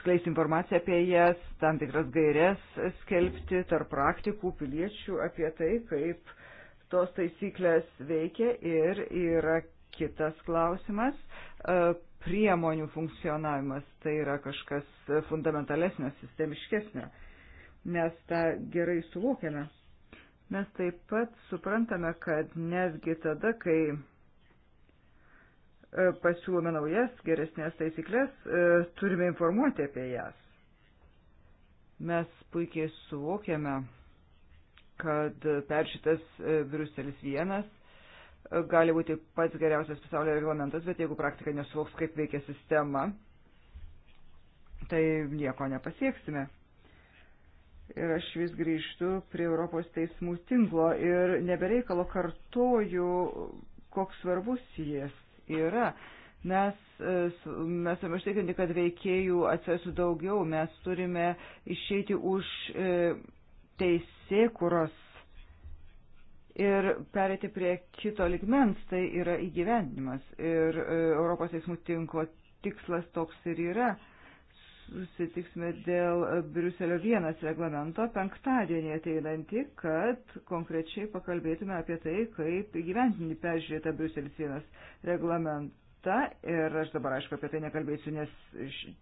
[SPEAKER 2] skleisti informaciją apie jas, tam tikras gairias skelbti tarp praktikų, piliečių apie tai, kaip tos taisyklės veikia ir yra kitas klausimas e, - priemonių funkcionavimas. Tai yra kažkas fundamentalesnio, sistemiškesnio. Mes tą gerai suvokiame. Mes taip pat suprantame, kad netgi tada, kai e, pasiūlome naujas, geresnės taisyklės, e, turime informuoti apie jas. Mes puikiai suvokiame kad peršytas e, Bruselis vienas e, gali būti pats geriausias pasaulio reglamentas, bet jeigu praktika nesuvoks, kaip veikia sistema, tai nieko nepasieksime. Ir aš vis grįžtu prie Europos teismų tinklo ir nebereikalo kartoju, koks svarbus jis yra. Mes, e, mes esame užtikrinti, kad veikėjų atsirastų daugiau, mes turime išeiti už teisėkuros ir perėti prie kito ligmens, tai yra įgyvendinimas. Ir e, Europos teismų tinklo tikslas toks ir yra. Susitiksime dėl Briuselio vienas reglamento penktadienį ateinantį, kad konkrečiai pakalbėtume apie tai, kaip įgyvendinti peržiūrėtą Briuselis vienas reglamentą ta ir aš dabar aišku apie tai nekalbėsiu, nes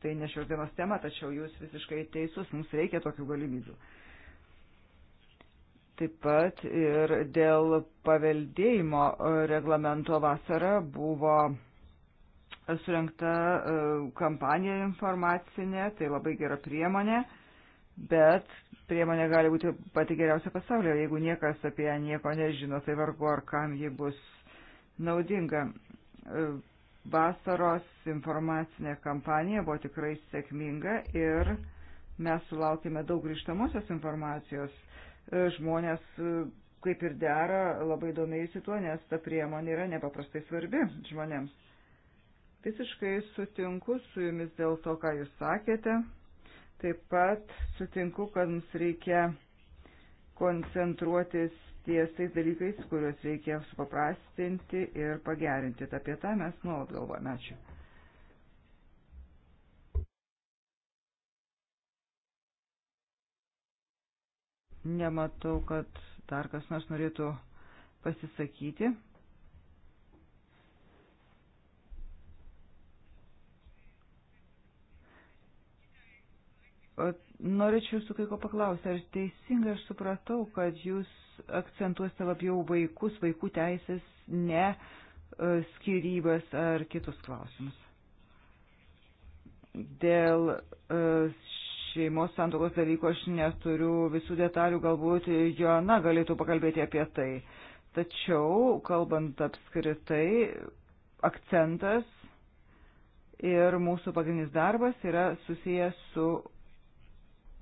[SPEAKER 2] tai ne šios dienos tema, tačiau jūs visiškai teisus, mums reikia tokių galimybių. Taip pat ir dėl paveldėjimo reglamento vasara buvo surinkta e, kampanija informacinė, tai labai gera priemonė, bet priemonė gali būti pati geriausia pasaulyje, jeigu niekas apie ją nieko nežino, tai vargu ar kam ji bus naudinga. E, vasaros informacinė kampanija buvo tikrai sėkminga ir mes sulaukime daug grįžtamosios informacijos E, žmonės, e, kaip ir dera, labai domėjusi tuo, nes ta priemonė yra nepaprastai svarbi žmonėms. Visiškai sutinku su jumis dėl to, ką jūs sakėte. Taip pat sutinku, kad mums reikia koncentruotis ties tais dalykais, kuriuos reikia supaprastinti ir pagerinti. Apie tą mes nuolat galvojame. Ačiū. Nematau, kad dar kas nors norėtų pasisakyti. Norėčiau su kai ko paklausti, ar teisingai aš supratau, kad jūs akcentuosite labiau vaikus, vaikų teisės, ne e, skirybas ar kitus klausimus. Dėl e, šeimos santokos dalyko aš neturiu visų detalių, galbūt Joana galėtų pakalbėti apie tai. Tačiau, kalbant apskritai, akcentas ir mūsų pagrindinis darbas yra susijęs su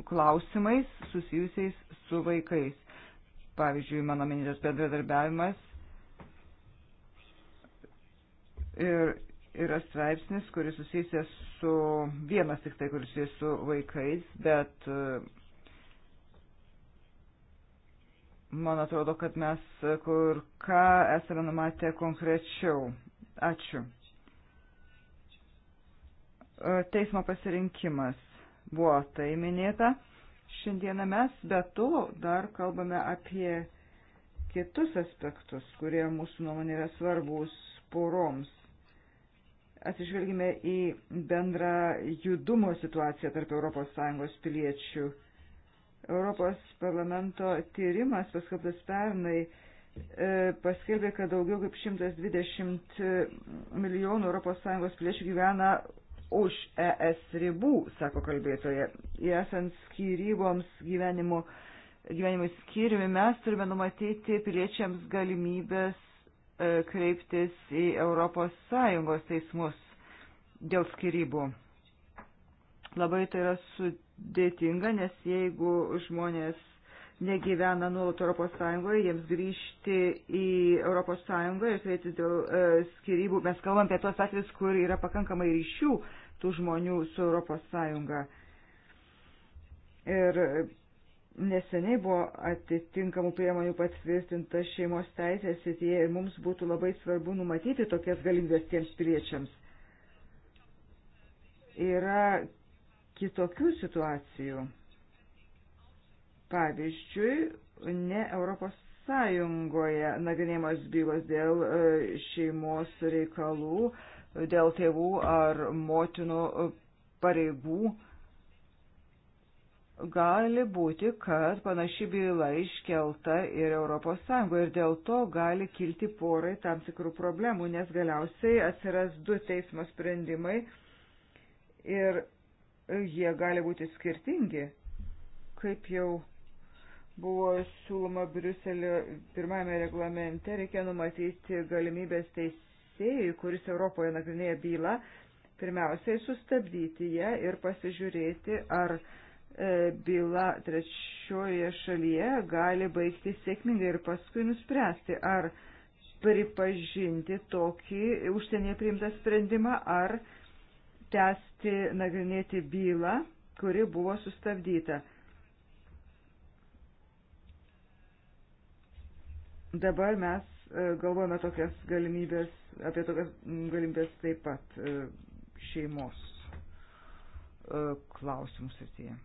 [SPEAKER 2] klausimais susijusiais su vaikais. Pavyzdžiui, mano minėtas bendradarbiavimas ir yra straipsnis, kuris susijęs su vienas tik tai, kuris susijęs su vaikais, bet e, man atrodo, kad mes kur ką esame numatę konkrečiau. Ačiū. E, teismo pasirinkimas buvo tai minėta. Šiandieną mes be to dar kalbame apie kitus aspektus, kurie mūsų nuomonė yra svarbus poroms atsižvelgime į bendrą judumo situaciją tarp ES piliečių. Europos parlamento tyrimas paskaptas pernai e, paskelbė, kad daugiau kaip 120 milijonų ES piliečių gyvena už ES ribų, sako kalbėtoje. Esant skyryboms gyvenimo, gyvenimui skyriumi, mes turime numatyti piliečiams galimybės E, kreiptis į ES teismus dėl skirybų. Labai tai yra sudėtinga, nes jeigu žmonės negyvena nuolat Europos Sąjungoje, jiems grįžti į Europos Sąjungą ir turėti dėl e, skirybų. Mes kalbam apie tuos atvejus, kur yra pakankamai ryšių tų žmonių su Europos Sąjunga. Ir neseniai buvo atitinkamų priemonių patvirtinta šeimos teisės sityje ir mums būtų labai svarbu numatyti tokias galimybės tiems piliečiams. Yra kitokių situacijų. Pavyzdžiui, ne Europos Sąjungoje nagrinėjamos bylos dėl e, šeimos reikalų, dėl tėvų ar motinų pareigų gali būti, kad panaši byla iškelta ir ES ir dėl to gali kilti porai tam tikrų problemų, nes galiausiai atsiras du teismo sprendimai ir jie gali būti skirtingi, kaip jau buvo siūloma Briuselio pirmame reglamente, reikia numatyti galimybės teisėjui, kuris Europoje nagrinėja bylą, pirmiausiai sustabdyti ją ir pasižiūrėti, ar uh, E, byla trečioje šalyje gali baigti sėkmingai ir paskui nuspręsti, ar pripažinti tokį užsienyje priimtą sprendimą, ar tęsti nagrinėti bylą, kuri buvo sustabdyta. Dabar mes e, galvojame tokias galimybės, apie tokias galimybės taip pat e, šeimos klausimus atėjame.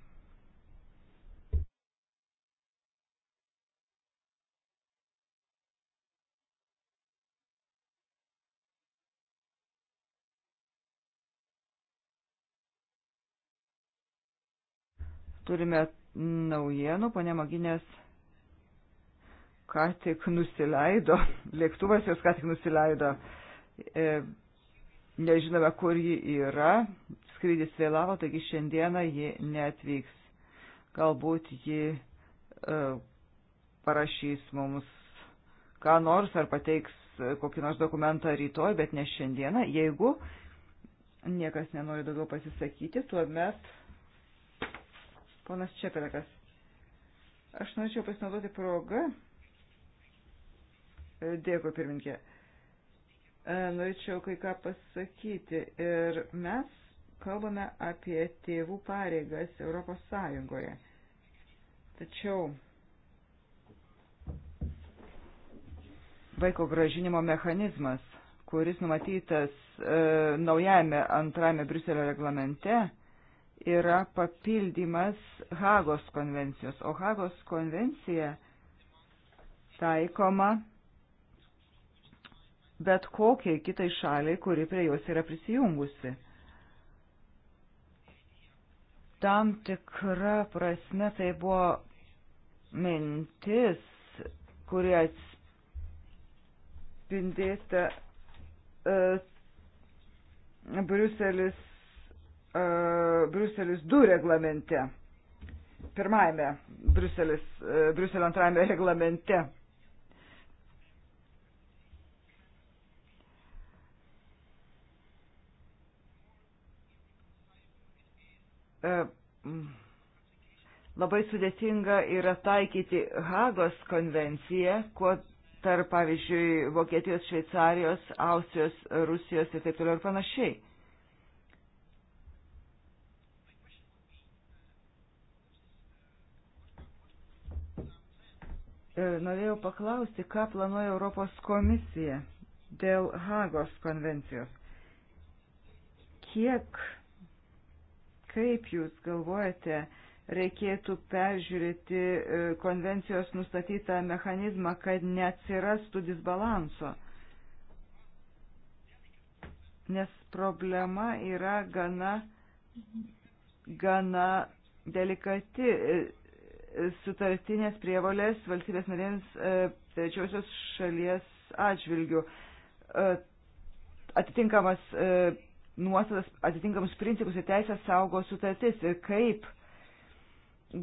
[SPEAKER 2] Turime naujienų, ponė Maginės ką tik nusileido, lėktuvas jos ką tik nusileido, e, nežinome, kur ji yra, skrydis vėlavo, taigi šiandieną ji netvyks. Galbūt ji e, parašys mums ką nors ar pateiks e, kokį nors dokumentą rytoj, bet ne šiandieną. Jeigu niekas nenori daugiau pasisakyti, tuomet Ponas Čepelekas. Aš norėčiau pasinaudoti progą. E, dėkui, pirminkė. E, norėčiau kai ką pasakyti. Ir mes kalbame apie tėvų pareigas Europos Sąjungoje. Tačiau vaiko gražinimo mechanizmas, kuris numatytas e, naujame antrame Briuselio reglamente, yra papildymas Hagos konvencijos, o Hagos konvencija taikoma bet kokiai kitai šaliai, kuri prie jos yra prisijungusi. Tam tikra prasme tai buvo mintis, kuri atspindėta uh, e, Briuselis E, Bruselis 2 reglamente. Pirmajame Bruselis, e, Bruselio antrajame reglamente. E, labai sudėtinga yra taikyti Hagos konvenciją, kuo tarp, pavyzdžiui, Vokietijos, Šveicarijos, Austrijos, Rusijos ir taip toliau ir panašiai. E, norėjau paklausti, ką planuoja Europos komisija dėl Hagos konvencijos. Kiek, kaip jūs galvojate, reikėtų peržiūrėti e, konvencijos nustatytą mechanizmą, kad neatsirastų disbalanso? Nes problema yra gana, gana delikati e, sutartinės prievolės valstybės narėms e, trečiosios šalies atžvilgių. E, atitinkamas e, nuostatas, atitinkamus principus ir teisės saugo sutartis ir kaip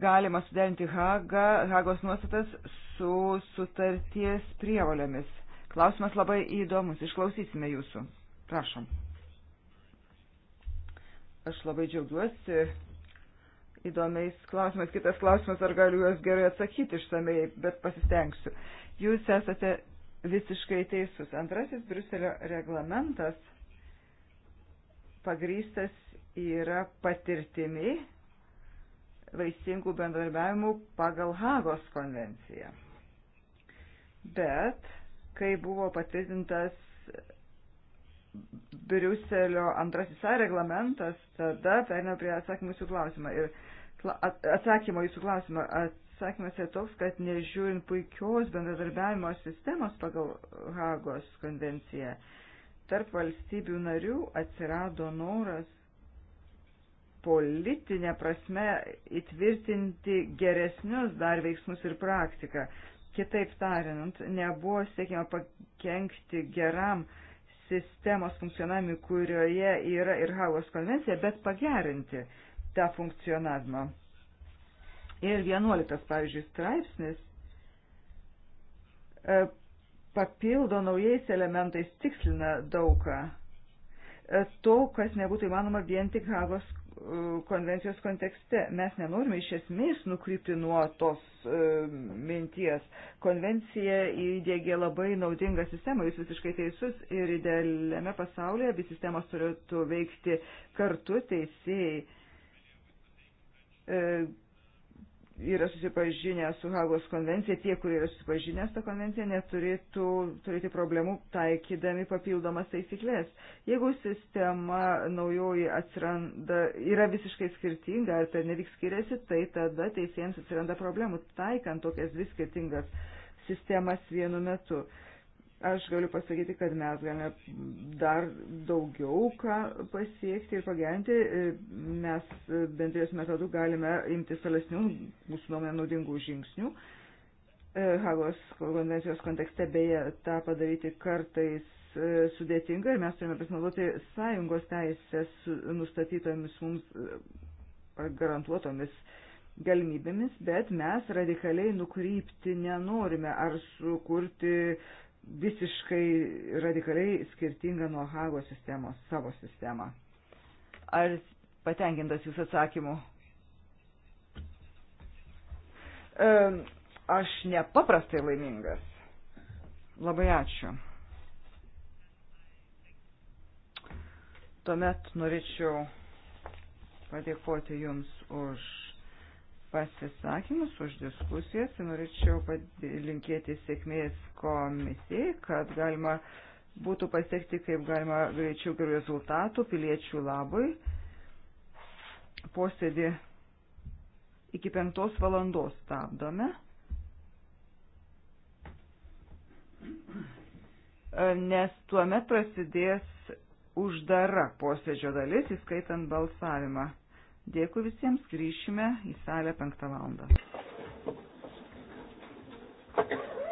[SPEAKER 2] galima suderinti Haga, Hagos nuostatas su sutarties prievolėmis. Klausimas labai įdomus, išklausysime jūsų. Prašom. Aš labai džiaugiuosi įdomiais klausimais. Kitas klausimas, ar galiu juos gerai atsakyti išsamei, bet pasistengsiu. Jūs esate visiškai teisus. Antrasis Briuselio reglamentas pagrystas yra patirtimi vaisingų bendradarbiavimų pagal Hagos konvenciją. Bet, kai buvo patvirtintas Briuselio antrasis A reglamentas, tada perėmė prie atsakymus jų klausimą. Ir atsakymo jūsų klausimą. Atsakymas yra toks, kad nežiūrint puikios bendradarbiavimo sistemos pagal Hagos konvenciją, tarp valstybių narių atsirado noras politinė prasme įtvirtinti geresnius dar veiksmus ir praktiką. Kitaip tariant, nebuvo siekiama pakengti geram sistemos funkcionavimui, kurioje yra ir Hagos konvencija, bet pagerinti tą funkcionavimą. Ir 11, pavyzdžiui, straipsnis e, papildo naujais elementais, tikslina daugą e, to, kas nebūtų įmanoma vien tik Havos e, konvencijos kontekste. Mes nenorime iš esmės nukrypti nuo tos e, minties. Konvencija įdėgė labai naudingą sistemą, jūs visiškai teisus ir idealiame pasaulyje abi sistemos turėtų veikti kartu teisėjai E, yra susipažinę su Hagos konvencija, tie, kurie yra susipažinę su tą konvenciją, neturėtų turėti problemų taikydami papildomas taisyklės. Jeigu sistema naujoji atsiranda, yra visiškai skirtinga ar per nevyk skiriasi, tai tada teisėjams atsiranda problemų taikant tokias dvi skirtingas sistemas vienu metu. Uh, Aš galiu pasakyti, kad mes galime dar daugiau ką pasiekti ir pagerinti. Mes bendrės metodų galime imti salesnių, mūsų nuomonė, naudingų žingsnių. Hagos konvencijos kontekste beje tą padaryti kartais e, sudėtinga ir mes turime pasinaudoti sąjungos teisės nustatytomis mums e, garantuotomis galimybėmis, bet mes radikaliai nukrypti nenorime ar sukurti visiškai radikaliai skirtinga nuo Hagos sistemos, savo sistemą. Ar patenkintas jūsų atsakymu? Aš nepaprastai laimingas. Labai ačiū. Tuomet norėčiau padėkoti Jums už pasisakymus, už diskusijas ir norėčiau linkėti sėkmės komisijai, kad galima būtų pasiekti kaip galima greičiau gerų rezultatų piliečių labui. Posėdį iki penktos valandos stabdome. Nes tuomet prasidės uždara posėdžio dalis, įskaitant balsavimą. Dėkui visiems, grįšime į salę penktą valandą. Thank you.